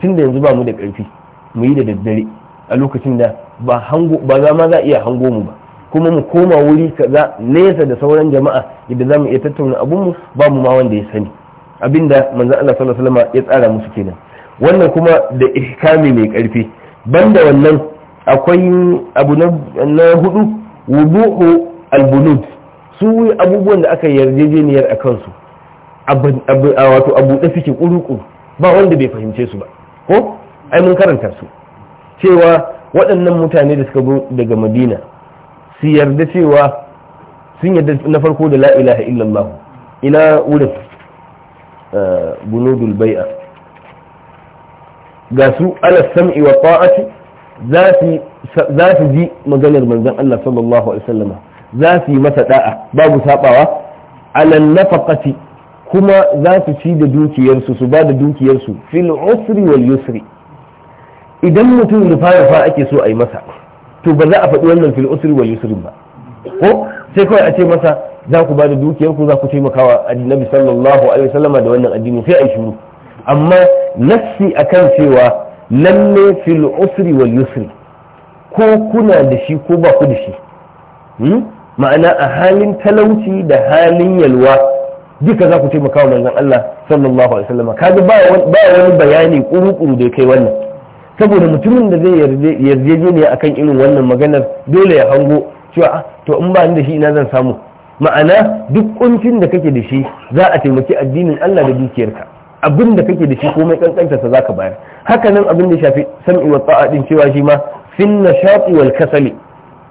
tun da yanzu ba mu da ƙarfi mu yi da daddare a lokacin da ba hango ba za ma za a iya hango mu ba kuma mu koma wuri kaza nesa da sauran jama'a yadda za mu iya tattauna abun mu ba mu ma wanda ya sani abinda manzo Allah sallallahu alaihi wasallam ya tsara musu kenan wannan kuma da ihkami mai ƙarfi banda wannan akwai abu na hudu wudu'u al-bunud su abubuwan da aka yarjejeniyar a kansu wato abu da suke kuru ba wanda bai fahimce su ba ko ai mun karanta su cewa waɗannan mutane da suka zo daga madina su yarda cewa sun yarda na farko da la'ilaha illallah ina wurin eh, bunudul bai'a ga su ala sam'i wa ta'ati za su ji maganar manzon Allah sallallahu alaihi wasallama za su yi masa da'a babu sabawa alal nafaqati kuma za su ci da dukiyarsu su ba da dukiyarsu fil usri wal yusri idan mutum fara fa ake so a yi masa to ba za a faɗi wannan fil usri wal yusri ba ko sai kawai a ce masa za ku ba da dukiyarku za ku taimakawa annabi sallallahu alaihi wasallama da wannan addini sai a yi shiru amma nassi akan cewa lalle fil usri wal yusri ko kuna da shi ko ba ku da shi hmm? ma'ana a halin talauci da halin yalwa duka za ku ce makawa manzon Allah sallallahu alaihi wasallam kaji ba wani bayani kuru-kuru da kai wannan saboda mutumin da zai a kan irin wannan maganar dole ya hango cewa ah, to in ba ni da shi ina zan samu ma'ana duk ƙuncin da kake da shi za a taimaki addinin Allah da dukiyarka abin da kake da shi komai kankanta sa zaka bayar hakanan abin da shafi sam'i wa ta'a cewa shi ma finna nashati wal kasali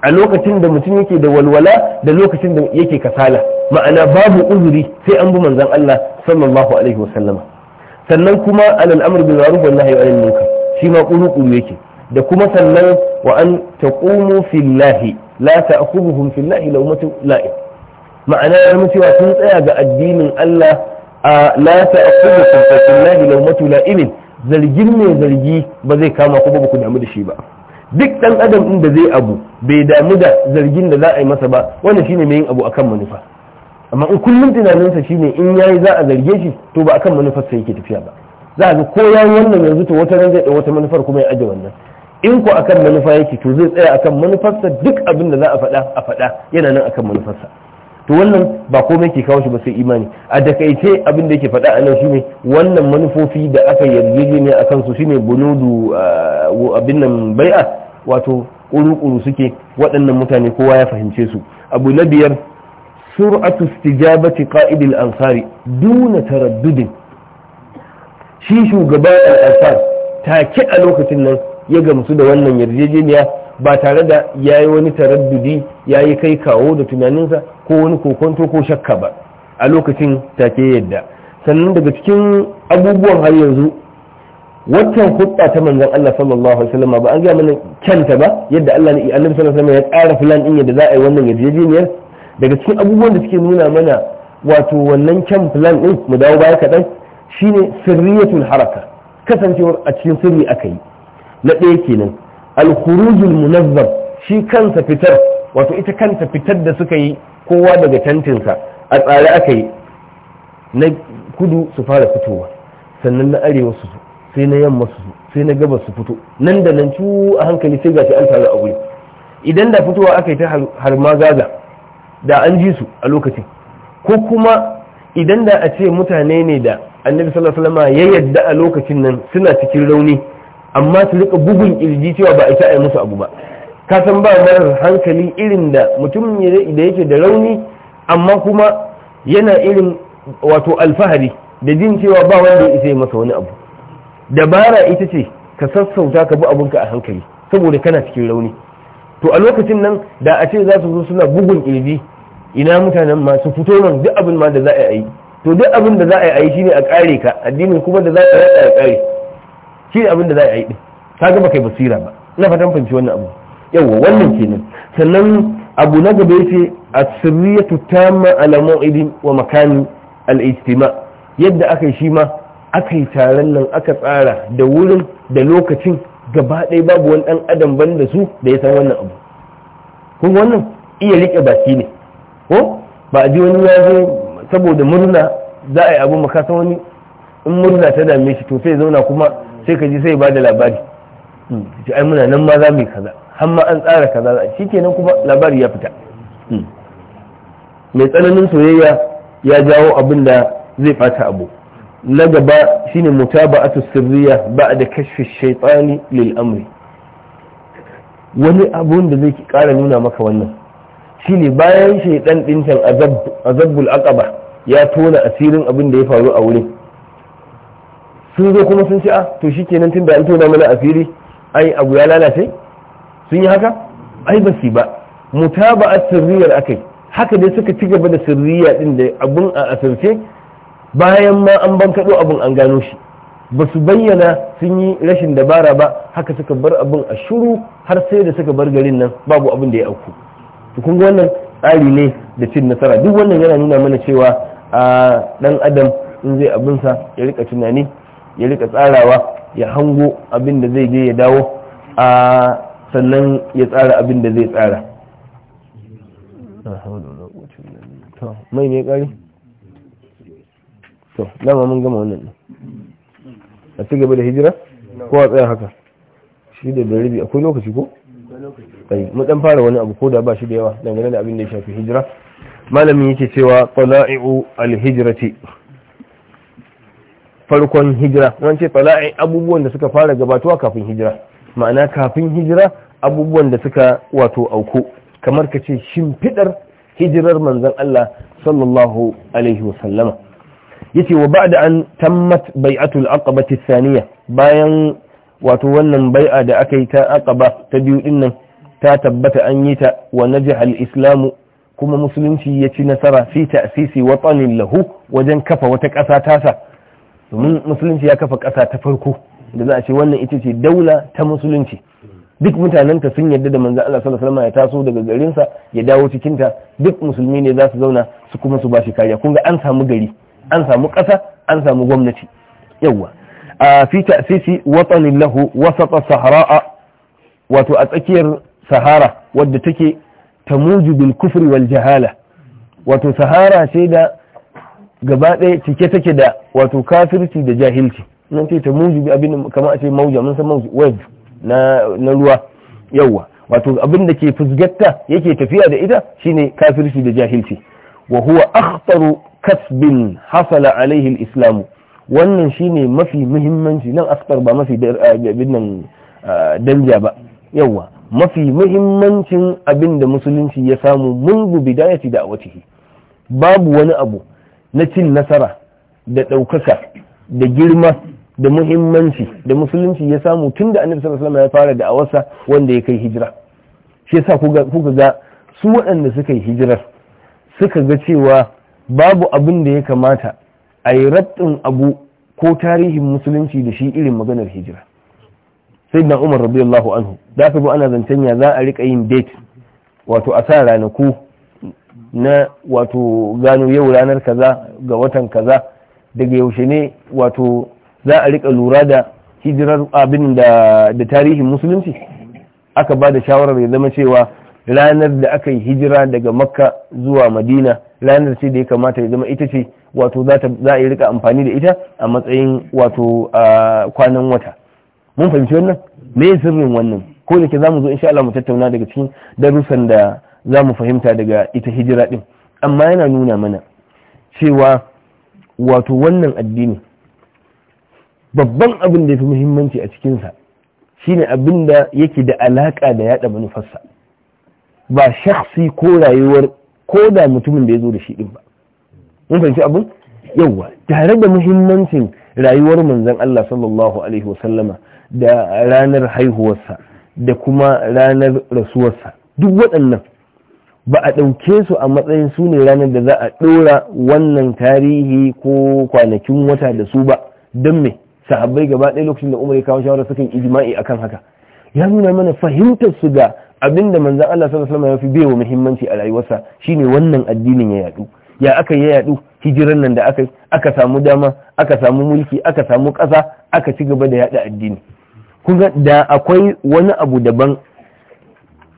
a lokacin da mutum yake da walwala da lokacin da yake kasala ma'ana babu uzuri sai an bi manzan Allah sallallahu alaihi wasallama sannan kuma alal amr bil ma'ruf wal nahy anil munkar shi ma kuru yake da kuma sannan wa an taqumu fillahi la ta'khubuhum fillahi lawmatu la'im ma'ana ya mutu cewa sun tsaya ga addinin Allah a la ta'khubuhum fillahi lawmatu la'im zargin ne zargi ba zai kama ku ba ku damu da shi ba duk ɗan adam din da zai abu bai damu da zargin da za a yi masa ba wannan shine mai yin abu akan manufa amma in kullum tunaninsa shi ne in yayi za a zarge shi to ba akan manufar sa yake tafiya ba za a ga ko yayi wannan yanzu to wata ran zai da wata manufar kuma ya aje wannan in ko akan manufa yake to zai tsaya akan manufarsa duk abin da za a faɗa a faɗa yana nan akan manufarsa to wannan ba komai ke kawo shi ba sai imani a takaice abin da yake faɗa a nan shine wannan manufofi da aka yarjejeniya a kansu shine bunudu uh, abin nan bai'a wato kuru suke waɗannan mutane kowa ya fahimce su abu na biyar sur'atu istijabati qa'idil ansari duna taraddudin shi shugaba al-ansar take a lokacin nan ya gamsu da wannan yarjejeniya ba tare da ya yi wani taraddudi ya yi kai kawo da tunaninsa ko wani kokonto ko shakka ba a lokacin take yadda sannan daga cikin abubuwan har yanzu wancan hudda ta manzon Allah sallallahu alaihi wasallam ba an ga mana kyanta ba yadda Allah ne Annabi sallallahu alaihi wasallam ya tsara filan din yadda za a yi wannan yarjejeniyar daga cikin abubuwan da suke nuna mana wato wannan kyan filan din mu dawo baya kaɗan shine sirriyatul haraka kasancewar a cikin sirri aka yi na ɗaya kenan al-khurujul munazzam shi kansa fitar wato ita kanta fitar da suka yi kowa daga tantinsa a tsare aka yi na kudu su fara fitowa sannan na arewa su sai na yamma su sai na gabas su fito nan da nan cu a hankali sai gashi an taru a wuri idan da fitowa aka yi ta har ma gaza da an ji su a lokacin ko kuma idan da a ce mutane ne da annabi sallallahu alaihi wasallam ya yadda a lokacin nan suna cikin rauni amma su rika bugun kirji cewa ba a isa a yi musu abu ba ka san ba marar hankali irin da mutum da yake da rauni amma kuma yana irin wato alfahari da jin cewa ba wanda ya isa yi masa wani abu dabara ita ce ka sassauta ka bi abinka a hankali saboda kana cikin rauni to a lokacin nan da a ce za su zo suna bugun kirji ina mutanen ma su fito nan duk abin ma da za a yi to duk abin da za a yi shine a kare ka addinin kuma da za a yi a kare shi abin da za a yi din kaga baka kai basira ba ina fatan fahimci wannan abu yawa wannan kenan sannan abu na gaba ya ce yace ya tamma ala idin wa makani al-ijtima yadda aka yi shi ma aka yi taron nan aka tsara da wurin da lokacin gaba ɗaya babu wani ɗan adam ban da su da ya san wannan abu kun wannan iya riƙe baki ne ko ba a ji wani ya zo saboda murna za a yi abu maka san wani in murna ta dame shi to sai zauna kuma sai ka ji sai ba da labari hmm. ce ai muna nan ma za mu yi kaza har ma an tsara kaza shi kenan kuma labari ya fita hmm. mai tsananin soyayya ya jawo abin da zai fata abu na gaba shine mutaba'atu sirriya ba da kashfi shaytani lil amri wani abun da zai kara nuna maka wannan shine bayan shaytan din can azab azabul aqaba ya tona asirin abin da ya faru a wurin sun zo kuma sun ce a ah, to shi kenan tun da an tona mana asiri ai abu ya lalace sun yi haka ai ba su ba a sirriyar akai haka dai suka ci gaba da sirriya din da abun a asirce bayan ma an bankaɗo abun an gano shi ba su bayyana sun yi rashin dabara ba haka suka bar abun a shuru har sai da suka bar garin nan babu abin da ya auku to kun wannan tsari ne da cin nasara duk wannan yana nuna mana cewa a ah, dan adam in zai abinsa ya rika tunani ya rika tsarawa ya hango abin da zai je ya dawo a sannan ya tsara abin da zai tsara mai ne kari to dama mun gama wannan ne a ci gaba da hijira ko a tsaya haka shi da daribi akwai lokaci ko? kai mu dan fara wani abu ko da ba shi da yawa dangane da abin da ya shafi hijira malamin yake cewa qala'i'u alhijira ce. farkon hijira wance tala'i abubuwan da suka fara gabatuwa kafin hijira ma'ana kafin hijira abubuwan da suka wato auku kamar ka ce shimfidar hijirar manzon Allah sallallahu alaihi sallama yace wa ba'da an tammat bai'atul aqabati thaniya bayan wato wannan bai'a da aka yi ta aqaba ta biyu din nan ta tabbata an yi ta wa najaha al-islamu kuma musulunci ya ci nasara fi ta'sisi watanin lahu wajen kafa wata ƙasa tasa domin musulunci ya kafa ƙasa ta farko da za a ce wannan ita ce daula ta musulunci duk mutanenta sun yarda da manzan Allah sallallahu alaihi ya taso daga garinsa ya dawo cikin ta duk musulmi ne za su zauna su kuma su bashi kariya kun ga an samu gari an samu ƙasa an samu gwamnati yawa a fi ta'sisi watanin lahu wasata sahara'a wato a tsakiyar sahara wadda take ta kufri wal jahala wato sahara sai da gaba ɗaya cike take da wato kafirci da jahilci nan ce ta muji abin kamar a ce mauja mun san mauji wave na ruwa yawwa wato abin da ke fusgatta yake tafiya da ita shine kafirci da jahilci wa huwa akhtaru kasbin hasala alaihi alislam wannan shine mafi muhimmanci nan akhtar ba mafi nan danja ba yawa mafi muhimmancin abin da musulunci ya samu mundu bidayati da'awatihi babu wani abu na cin nasara da ɗaukaka da girma da muhimmanci da musulunci ya samu tun da annabi sallallahu alaihi ya fara da wanda ya kai hijira shi yasa kuka ga su waɗanda suka yi hijirar suka ga cewa babu abin da ya kamata a yi rabtin abu ko tarihin musulunci da shi irin maganar hijira sai na umar radiyallahu anhu da aka ana zancen ya za a rika yin date wato a sa ranaku na wato gano yau ranar kaza ga watan kaza daga yaushe ne wato za a rika lura da hijirar abin da tarihin musulunci aka ba da shawarar ya zama cewa ranar da aka yi hijira daga makka zuwa madina ranar ce da ya kamata ya zama ita ce wato za a yi rika amfani da ita a matsayin wato a kwanan wata mun fahimci wannan me sirrin wannan ko da ke za mu zo insha Allah mu tattauna daga cikin darussan da za mu fahimta daga ita hijira ɗin amma yana nuna mana cewa wato wannan addini babban abin da ya fi muhimmanci a cikinsa shine abin da yake da alaƙa da yaɗa manufarsa ba shaksi ko rayuwar ko da mutumin da ya zo da shi ɗin ba mun fahimci abin yawwa tare da muhimmancin rayuwar manzon Allah sallallahu alaihi wasallama da ranar haihuwarsa da kuma ranar rasuwarsa duk waɗannan ba a ɗauke su a matsayin su ne ranar da za a ɗora wannan tarihi ko kwanakin wata da su ba don me sahabbai gaba ɗaya lokacin da umar ya kawo shawara sukan ijma'i akan haka ya nuna mana fahimtar su ga abin da manzan Allah sallallahu alaihi ya fi baiwa muhimmanci a rayuwarsa shine wannan addinin ya yadu ya aka yi ya yadu hijiran nan da aka aka samu dama aka samu mulki aka samu ƙasa aka ci gaba da yaɗa addini kun da akwai wani abu daban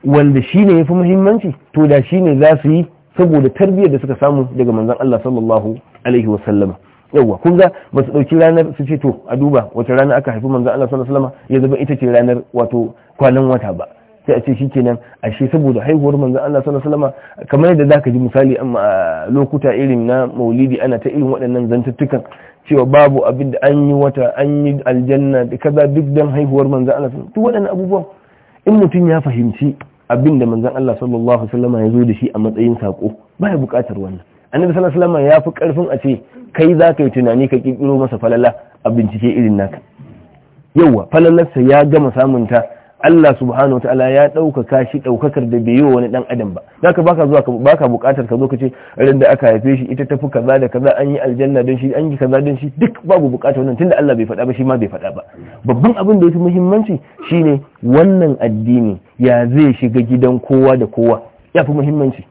wanda shi ne ya fi muhimmanci to da shi ne za su yi saboda tarbiyyar da suka samu daga manzan Allah sallallahu alaihi wasallama yawwa kun ga ba su ɗauki ranar su ce to a duba wata rana aka haifi manzan Allah sallallahu ya zama ita ce ranar wato kwanan wata ba sai a ce shi kenan ashe saboda haihuwar manzan Allah sallallahu alaihi kamar yadda za ka ji misali a lokuta irin na maulidi ana ta irin waɗannan zantuttukan cewa babu abin da an yi wata an yi aljanna da kaza duk dan haihuwar manzan Allah duk waɗannan abubuwan in mutum ya fahimci abin da manzon Allah sallallahu alaihi ya zo da shi a matsayin sako baya buƙatar wannan annabi sallallahu alaihi ya fi karfin a ce kai za ka yi tunani ka kirkiro masa falala a bincike irin naka yauwa falalarsa ya gama samunta Allah subhanahu ta'ala ya ɗaukaka shi ɗaukakar da bai yi wa wani ɗan adam ba zaka baka zuwa baka buƙatar ka zo ka ce ran da aka haife shi ita tafi kaza da kaza an yi aljanna don shi an yi kaza don shi duk babu buƙatar wannan tunda Allah bai faɗa ba shi ma bai faɗa ba babban abin da yafi muhimmanci shine wannan addini ya zai shiga gidan kowa da kowa ya fi muhimmanci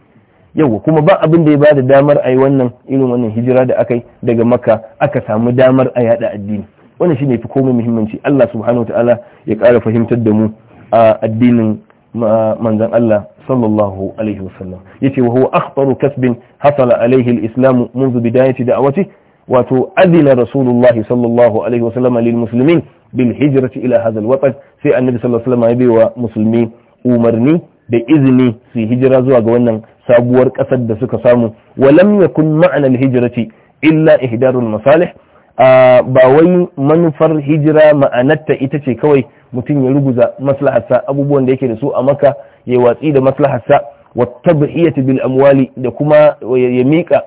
yau kuma ba abin da ya bada damar a yi wannan irin wannan hijira da aka yi daga makka aka samu damar a yada addini shi shine fi komai muhimmanci Allah subhanahu ta'ala ya ƙara fahimtar da mu a addinin manzon Allah sallallahu alaihi wasallam yace wa huwa akhtaru kasbin hasala alaihi al-islam منذ بداية دعوته wato adina rasulullah sallallahu alaihi wasallam lil muslimin bil hijrati ila hadha al watan sai annabi sallallahu alaihi wasallam ya musulmi umarni da izini su hijira zuwa ga wannan sabuwar kasar da suka samu wa lam yakun ma'ana al hijrati illa ihdarul masalih ba wai manufar hijira ma'anarta ita ce kawai mutum ya ruguza maslaharsa abubuwan da yake da su a maka ya watsi da maslaharsa wata bihiyati bil amwali da kuma ya miƙa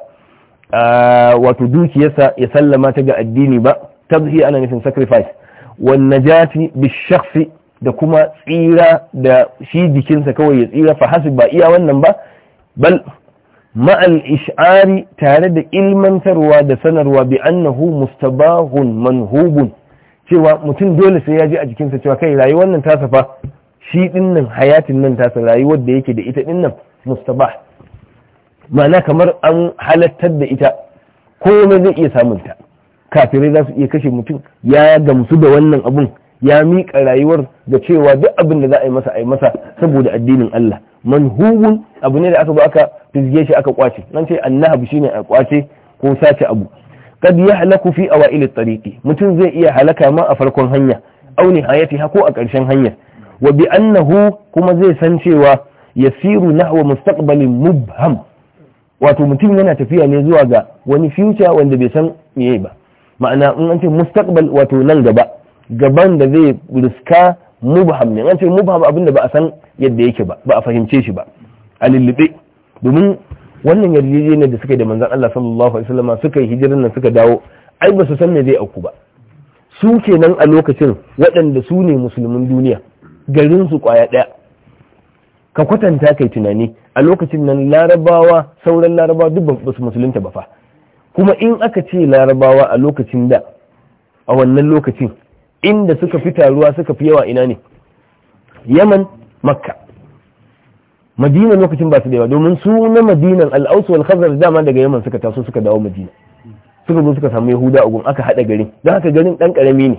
wato dukiyarsa ya sallama ta ga addini ba tabhi ana nufin sacrifice wan najati bi shakhsi da kuma tsira da shi jikinsa kawai ya tsira fa hasib ba iya wannan ba bal ma'al ish'ari tare da ilmantarwa da sanarwa bi annahu mustabahun manhubun cewa mutum dole sai ya ji a jikinsa cewa kai rayuwar nan tasa fa shi dinnan hayatin nan tasa rayuwar da yake da ita dinnan mustabah ma'ana kamar an halattar da ita komai zai iya samunta kafirai za su iya kashe mutum ya gamsu da wannan abun ya miƙa rayuwar da cewa duk abin da za a yi masa a yi masa saboda addinin Allah manhubun abu ne da aka ba aka fizge shi aka kwace nan ce annahab shine a kwace ko sace abu kad yahlaku fi awail at-tariqi mutum zai iya halaka ma a farkon hanya aw nihayati ha ko a ƙarshen hanya wa bi annahu kuma zai san cewa yasiru nahwa mustaqbalin mubham wato mutum yana tafiya ne zuwa ga wani future wanda bai san meye ba ma'ana in an ce mustaqbal wato nan gaba gaban da zai riska mubham ne an ce mubham abinda ba a san yadda yake ba ba a fahimce shi ba a lullube domin wannan yarjejeniyar da suka yi da manzan Allah sallallahu alaihi wasallam suka yi hijirar nan suka dawo ai ba su san me zai auku ba su kenan a lokacin waɗanda su ne musulmin duniya garin su kwaya ɗaya ka kwatanta kai tunani a lokacin nan larabawa sauran larabawa duk ba su musulunta ba fa kuma in aka ce larabawa a lokacin da a wannan lokacin inda suka fi taruwa suka fi yawa ina ne yaman makka madina lokacin ba su da yawa domin su na madinan al'ausu wal khazar dama daga yaman suka taso suka dawo madina suka zo suka samu yahuda a aka hada garin don haka garin dan karami ne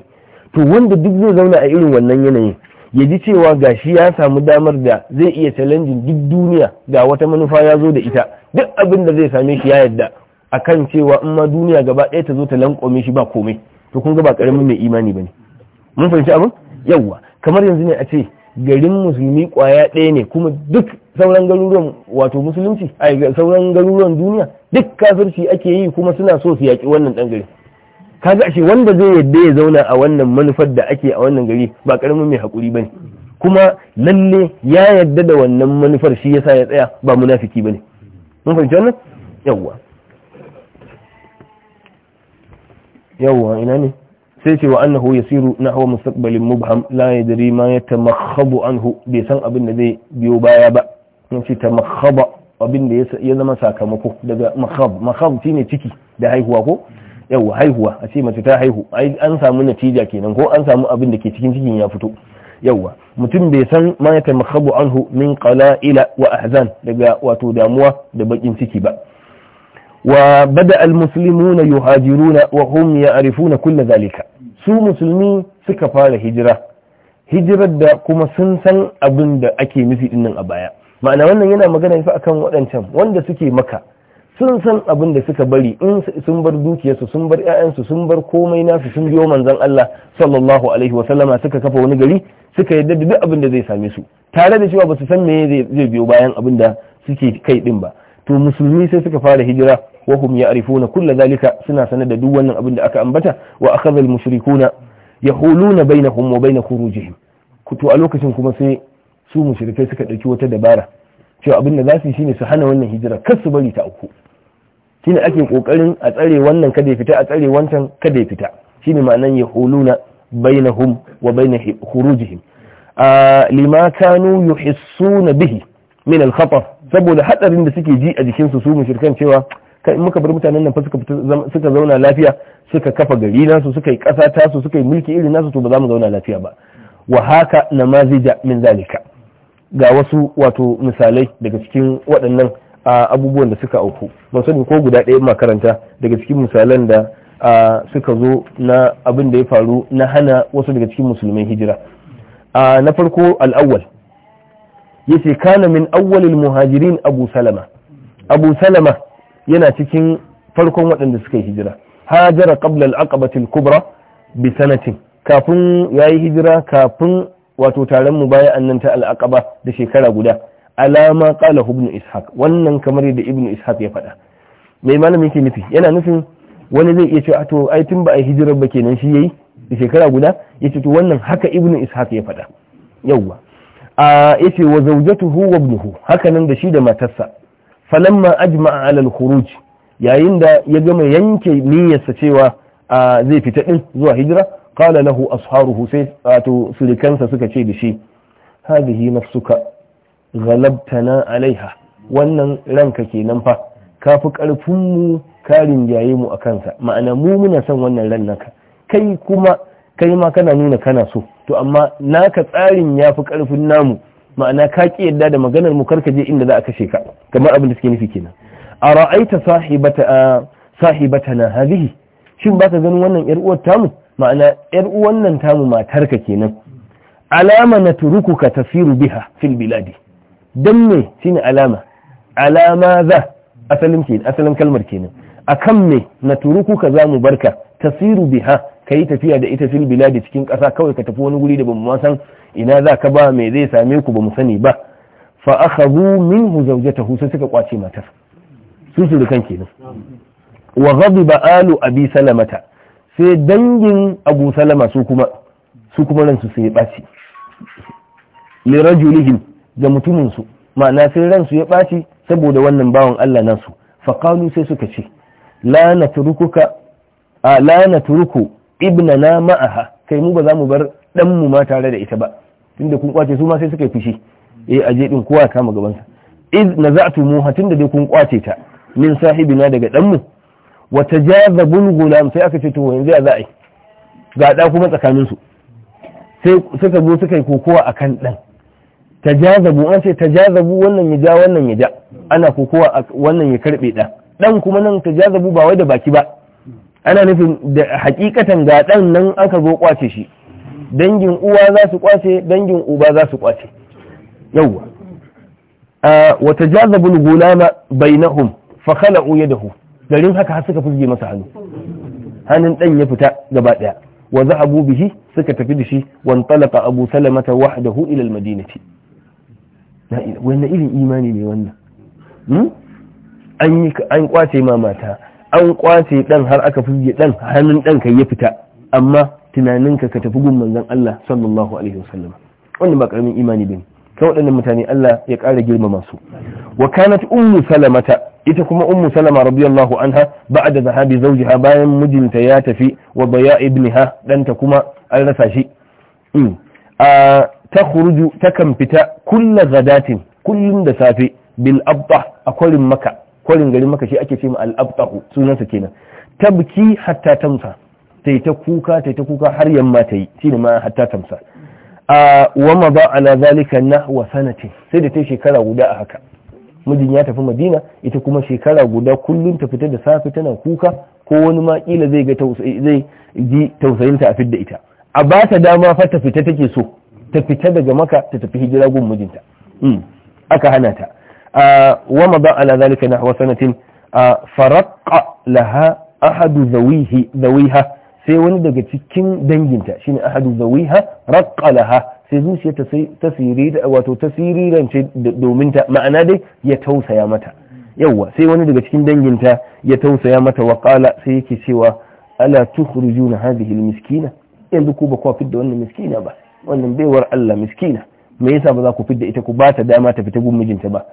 to wanda duk zai zauna a irin wannan yanayin ya ji cewa gashi ya samu damar da zai iya challenging duk duniya ga wata manufa ya zo da ita duk abin da zai same shi ya yadda akan cewa in ma duniya gaba ɗaya ta zo ta lankwame shi ba komai to kun ga ba karamin mai imani ba ne. mun fahimci abin yawwa kamar yanzu ne a ce garin musulmi kwaya ɗaya ne kuma duk sauran garuruwan wato musulunci a sauran garuruwan duniya duk kafirci ake yi kuma suna so su yaƙi wannan ɗan gari kaga ashe wanda zai yadda ya zauna a wannan manufar da ake a wannan gari ba karamin mai haƙuri ne kuma lalle ya yadda da wannan manufar shi yasa ya tsaya ba munafiki ne mun fahimci wannan yawwa yawwa ina ne sai ce wa annahu yasiru nahwa mustaqbalin mubham la yadri ma yatamakhabu anhu bai san abin da zai biyo baya ba in ce tamakhaba abin da ya zama sakamako daga makhab makhab shine ciki da haihuwa ko yawa haihuwa a ce mace ta haihu an samu natija kenan ko an samu abin da ke cikin cikin ya fito yawa mutum bai san ma ya tamakhabu anhu min qala'ila wa ahzan daga wato damuwa da bakin ciki ba wa bada al-muslimuna yuhajiruna wa hum ya'rifuna kull zalika su musulmi suka fara hijira hijirar da kuma sun san abin da ake nufi dinnan a baya ma'ana wannan yana magana fa akan waɗancan wanda suke maka sun san abin da suka bari in sun bar dukiyarsu sun bar 'ya'yansu sun bar komai nasu sun biyo manzon Allah sallallahu alaihi wa sallama. suka kafa wani gari suka yadda da duk abin da zai same su tare da cewa ba su san me zai biyo bayan abin da suke kai din ba to musulmi sai suka fara hijira wa hum ya'rifuna kull zalika suna sanar da duk wannan abin da aka ambata wa akhadha al mushrikuna yahuluna bainahum wa bain khurujihim to a lokacin kuma sai su mushrikai suka ɗauki wata dabara cewa abin da za su yi shine su hana wannan hijira kar su bari ta auku shine ake kokarin a tsare wannan kada ya fita a tsare wancan kada ya fita shine ma'anan yahuluna bainahum wa bain khurujihim lima kanu yuhissuna bihi min al saboda hadarin da suke ji a jikinsu su mushrikan cewa kai muka bar mutanen nan fa suka suka zauna lafiya suka kafa gari nasu suka yi ƙasa su, suka yi mulki irin nasu to ba za mu zauna lafiya ba wa haka namazija min zalika ga wasu wato misalai daga cikin waɗannan abubuwan da suka auku ban sani ko guda ɗaya makaranta daga cikin misalan da suka zo na abin da ya faru na hana wasu daga cikin musulmai hijira na farko al'awwal yace kana min awwalil muhajirin abu salama abu salama yana cikin farkon waɗanda suka yi hijira hajara qabla al-aqabatil kubra bi sanatin kafin yi hijira kafin wato taron mu baya annan ta al da shekara guda alama qala ibn ishaq wannan kamar da ibn ishaq ya faɗa mai malamin yake nufi yana nufin wani zai iya cewa to ai tun ba a hijirar ba kenan shi yayi da shekara guda yace to wannan haka ibnu ishaq ya faɗa yawwa a yace wa zawjatuhu wa ibnuhu haka nan da shi da matarsa falamma ajma'a alal khuruj yayin da ya gama yanke niyyarsa cewa zai fita din zuwa hijira qala lahu asharuhu sai wato surikansa suka ce da shi hadhihi nafsuka ghalabtana alaiha wannan ranka kenan fa ka fi karfin mu ka rinjaye mu a kansa ma'ana mu muna son wannan ran naka kai kuma kai ma kana nuna kana so to amma naka tsarin ya fi karfin namu ma'ana ka ki yadda da maganar mu karka je inda za a kashe ka kamar abin da suke nufi kenan a ra'aita sahibata sahibatana hadhihi shin baka ganin wannan yar uwar tamu ma'ana yar uwan tamu matarka kenan alama na turukuka tasiru biha fil biladi dan me shine alama alama za asalin asalin kalmar kenan akan me na turukuka mu barka tasiru biha ka yi tafiya da ita fil biladi cikin ƙasa kawai ka tafi wani guri da bamu san ina za ka ba me zai same ku bamu sani ba fa akhadhu minhu zawjatahu sai suka kwace matar su su surukan kenan wa ghadiba alu abi salamata sai dangin abu salama su kuma su kuma ransu sai baci li rajulihim da mutumin su ma'ana sai ransu ya baci saboda wannan bawan Allah nasu fa qalu sai suka ce la a la natruku Ibna na ma'aha kai mu ba za mu bar dan mu ma tare da ita ba tunda kun kwace su ma sai suka yi fushi eh aje din kowa kama gaban sa iz naza'tumuha da dai kun kwace ta min sahibina daga dan mu wa tajazabul gulam sai aka ce to yanzu ya za'i ga da kuma tsakanin su sai suka zo suka yi kokowa akan dan tajazabu an ce tajazabu wannan ya ja wannan ya ja ana kokowa wannan ya karbe da dan kuma nan tajazabu ba wai da baki ba ana nufin da hakikatan ga ɗan nan aka zo kwace shi dangin uwa za su kwace dangin uba za su kwace a wata jazabul gulama bainahum fa khala'u yadahu garin haka har suka fusge masa hannu hannun dan ya fita gaba daya wa zahabu bihi suka tafi da shi wan talaqa abu salamata wahdahu ila al madinati wannan irin imani ne wannan hmm? an kwace ma mata an kwace dan har aka fuge dan hannun dan kai ya fita amma tunaninka ka tafi gun manzon Allah sallallahu alaihi wasallam wannan ba karamin imani bane ta waɗannan mutane Allah ya ƙara girmama su wa kanat ummu salamata ita kuma ummu salama radiyallahu anha ba'da zahabi zawjiha bayan mijinta ya tafi wa baya ibniha danta kuma an rasa shi hmm. a ta khuruju ta kan fita kulla gadatin kullum da safe bil abba a kwarin maka kwarin garin maka shi ake ce ma al'abtahu sunansa kenan tabki hatta tamsa tai ta kuka taita ta kuka har yamma ta yi shine ma hatta tamsa a wama ba ala zalika nahwa sanatin sai da ta shekara guda a haka mijin ya tafi madina ita kuma shekara guda kullum ta fita da safe tana kuka ko wani ma kila zai ga zai ji ta a fidda ita a ba ta dama fa ta fita take so ta fita daga maka ta tafi hijira gun mijinta hmm, aka hana ta wa mada ala zalika hawa sanatin faraqqa laha ahadu zawihi zawiha sai wani daga cikin danginta shine ahadu zawiha raqqa laha sai zuciyarta sai tasiri wato tasirirance domin ma'ana dai ya tausaya mata yawwa sai wani daga cikin danginta ya tausaya mata wa qala sai yake cewa ala tukhrijuna hadhihi almiskina yanzu ku ba ku fidda wannan miskina ba wannan baiwar Allah miskina me yasa ba za ku da ita ku ba ta dama ta fita gun mijinta ba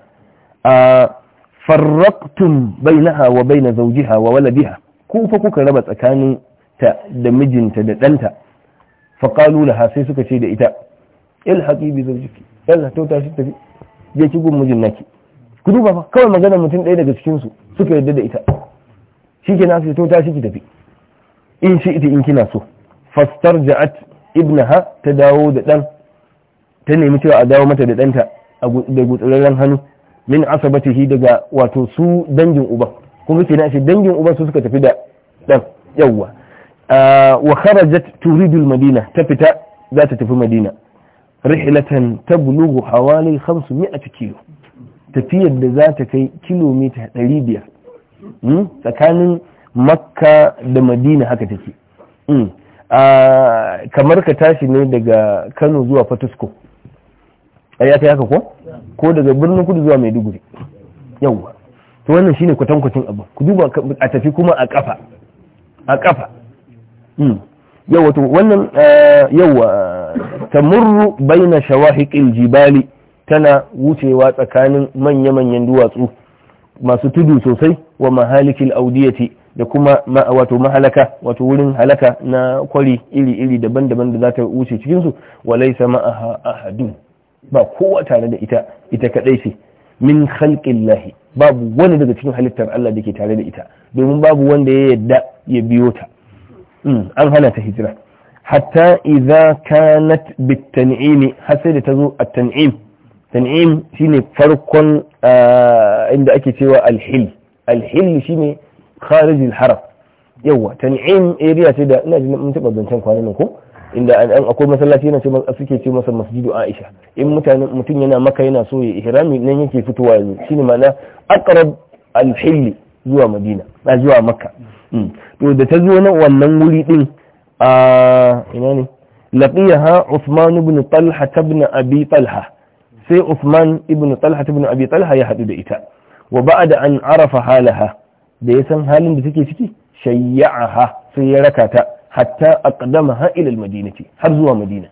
farraqtum bainaha wa baina zawjiha wa waladiha ku fa kuka raba tsakanin ta da mijinta da danta fa qalu laha sai suka ce da ita il bi zawjiki yalla to tashi tafi je ki gun mijin naki ku duba fa kawai magana mutum ɗaya daga cikin su suka yarda da ita shikenan sai to tashi ki tafi in shi ita in kina so fastarja'at ibnaha ta dawo da dan ta nemi cewa a dawo mata da danta da gutsurarren hannu min asabatihi daga wato su dangin uban kun ga kenan dangin uban su suka tafi da dan yawwa ah, wa kharajat turidu madina ta fita za ta tafi madina rihlatan tablughu hawali 500 kilo tafiyar da za ta kai kilomita 500 hmm? tsakanin makka da madina haka take hmm. ah, kamar ka tashi ne daga kano zuwa fatasko Aya ya kai ko ko daga birnin kudu zuwa maiduguri yawwa to wannan shine kwatankwacin abu ku duba a tafi kuma a kafa a kafa hmm. yawwa to wannan eh, yawwa tamurru baina shawahiqil jibali tana wucewa tsakanin manya-manyan duwatsu masu tudu sosai wa mahalikil audiyati da kuma wato mahalaka wato wurin halaka na kwari iri-iri daban-daban da za ta wuce cikinsu walai sama a hadu. ba kowa tare da ita ita kadai ce min lahi babu wani daga cikin halittar Allah da ke tare da ita domin babu wanda ya yadda ya biyo ta hmm, an hana ta hijira hatta idza kanat tan'imi har sai da ta zo a tan'im tan'im shine farkon ah, inda ake cewa alhil alhil shine kharij alharam yawa tan'im area ce da ina jin mun taba zancen kwanan ko inda an akwai masallaci yana suke ce masa masjidu Aisha in mutane mutum yana maka yana so ya ihrami nan yake fitowa yanzu shine ma'ana aqrab al hilli zuwa Madina na zuwa Makka hmm. to da ta zo nan wannan wuri din a ina ne laqiyaha Uthman ibn Talha ibn Abi Talha sai Uthman ibn Talha ibn Abi Talha ya hadu da ita wa ba'da an arafa halaha da ya san halin da take ciki shayyaha sai ya rakata. ta hatta aqdama ha ila madinati har zuwa madina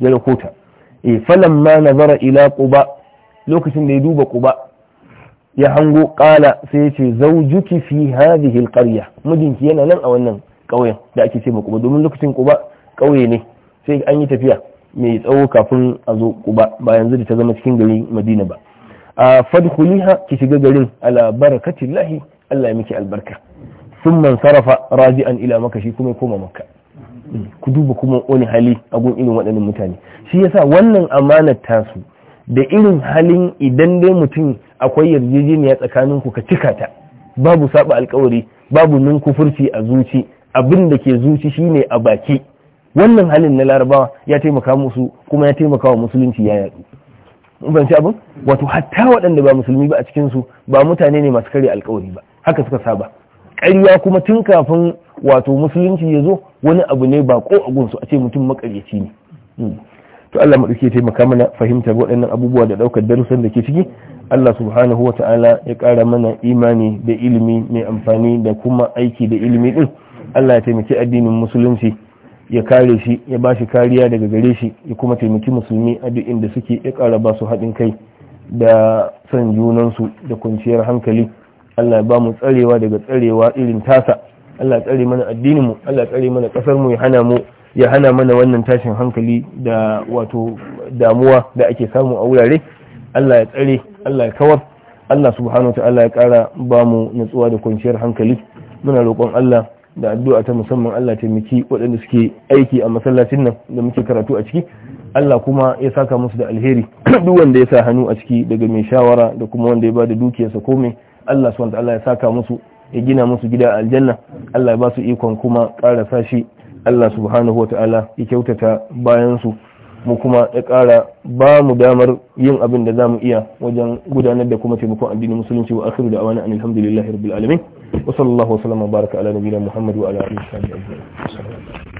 ya rakota eh falamma nazara ila ƙuba lokacin da ya duba ƙuba ya hango kala sai ya ce zaujuki fi hadhihi alqarya mijinki yana nan a wannan ƙauyen da ake ce quba domin lokacin ƙuba ƙauye ne sai an yi tafiya mai tsawo kafin a zo ƙuba ba yanzu da ta zama cikin gari madina ba a ah, ha, ki shiga garin ala barakatillahi Allah ya miki albarka sun man sarrafa raji'an ila maka shi kuma koma maka ku duba kuma wani hali a gun irin waɗannan mutane shi yasa wannan amanar tasu da irin halin idan dai mutum akwai yarjejeniya tsakanin ku ka cika ta babu saba alkawari babu nun kufurci a zuci abin da ke zuci shine a baki wannan halin na larabawa ya taimaka musu kuma ya taimaka wa musulunci ya yadu ban ci abin wato hatta waɗanda ba musulmi ba a cikin su ba mutane ne masu karya alkawari ba haka suka saba ƙarya kuma tun kafin wato musulunci ya zo wani abu ne ba ko agunsu a ce mutum makaryaci ne hmm. to Allah mu dauke taimaka mana fahimtar waɗannan abubuwa da ɗaukar darussan da ke ciki Allah subhanahu wa ta'ala ya ƙara mana imani da ilimi mai amfani da kuma aiki da ilimi din Allah ya taimaki addinin musulunci ya kare shi ya ba shi kariya daga gare shi ya kuma taimaki musulmi a duk inda suke ya ƙara ba su haɗin kai da son junansu da kwanciyar hankali Allah ya ba mu tsarewa daga tsarewa irin tasa Allah ya tsare mana addininmu. Allah tsare mana kasar mu ya hana mu ya hana mana wannan tashin hankali da wato damuwa da ake samu a wurare Allah ya tsare Allah ya kawar Allah subhanahu wa ta'ala ya kara ba mu nutsuwa da kwanciyar hankali muna roƙon Allah da addu'a ta musamman Allah taimaki waɗanda suke aiki a masallacin nan da muke karatu a ciki Allah kuma ya saka musu da alheri (clears throat) duk wanda ya sa hannu a ciki daga mai shawara da kuma wanda ya ba da dukiyarsa komai Allah subhanahu Allah ya saka musu ya gina musu gida aljanna Allah ya ba su ikon kuma ƙara sashi Allah subhanahu wa ta'ala ya kyautata bayan su mu kuma ya ƙara ba mu damar yin abin da za mu iya wajen gudanar da kuma taimakon addinin musulunci wa akhiru da awana alhamdulillahi rabbil alamin wa sallallahu wa sallama baraka ala nabiyina muhammad wa ala alihi wa sahbihi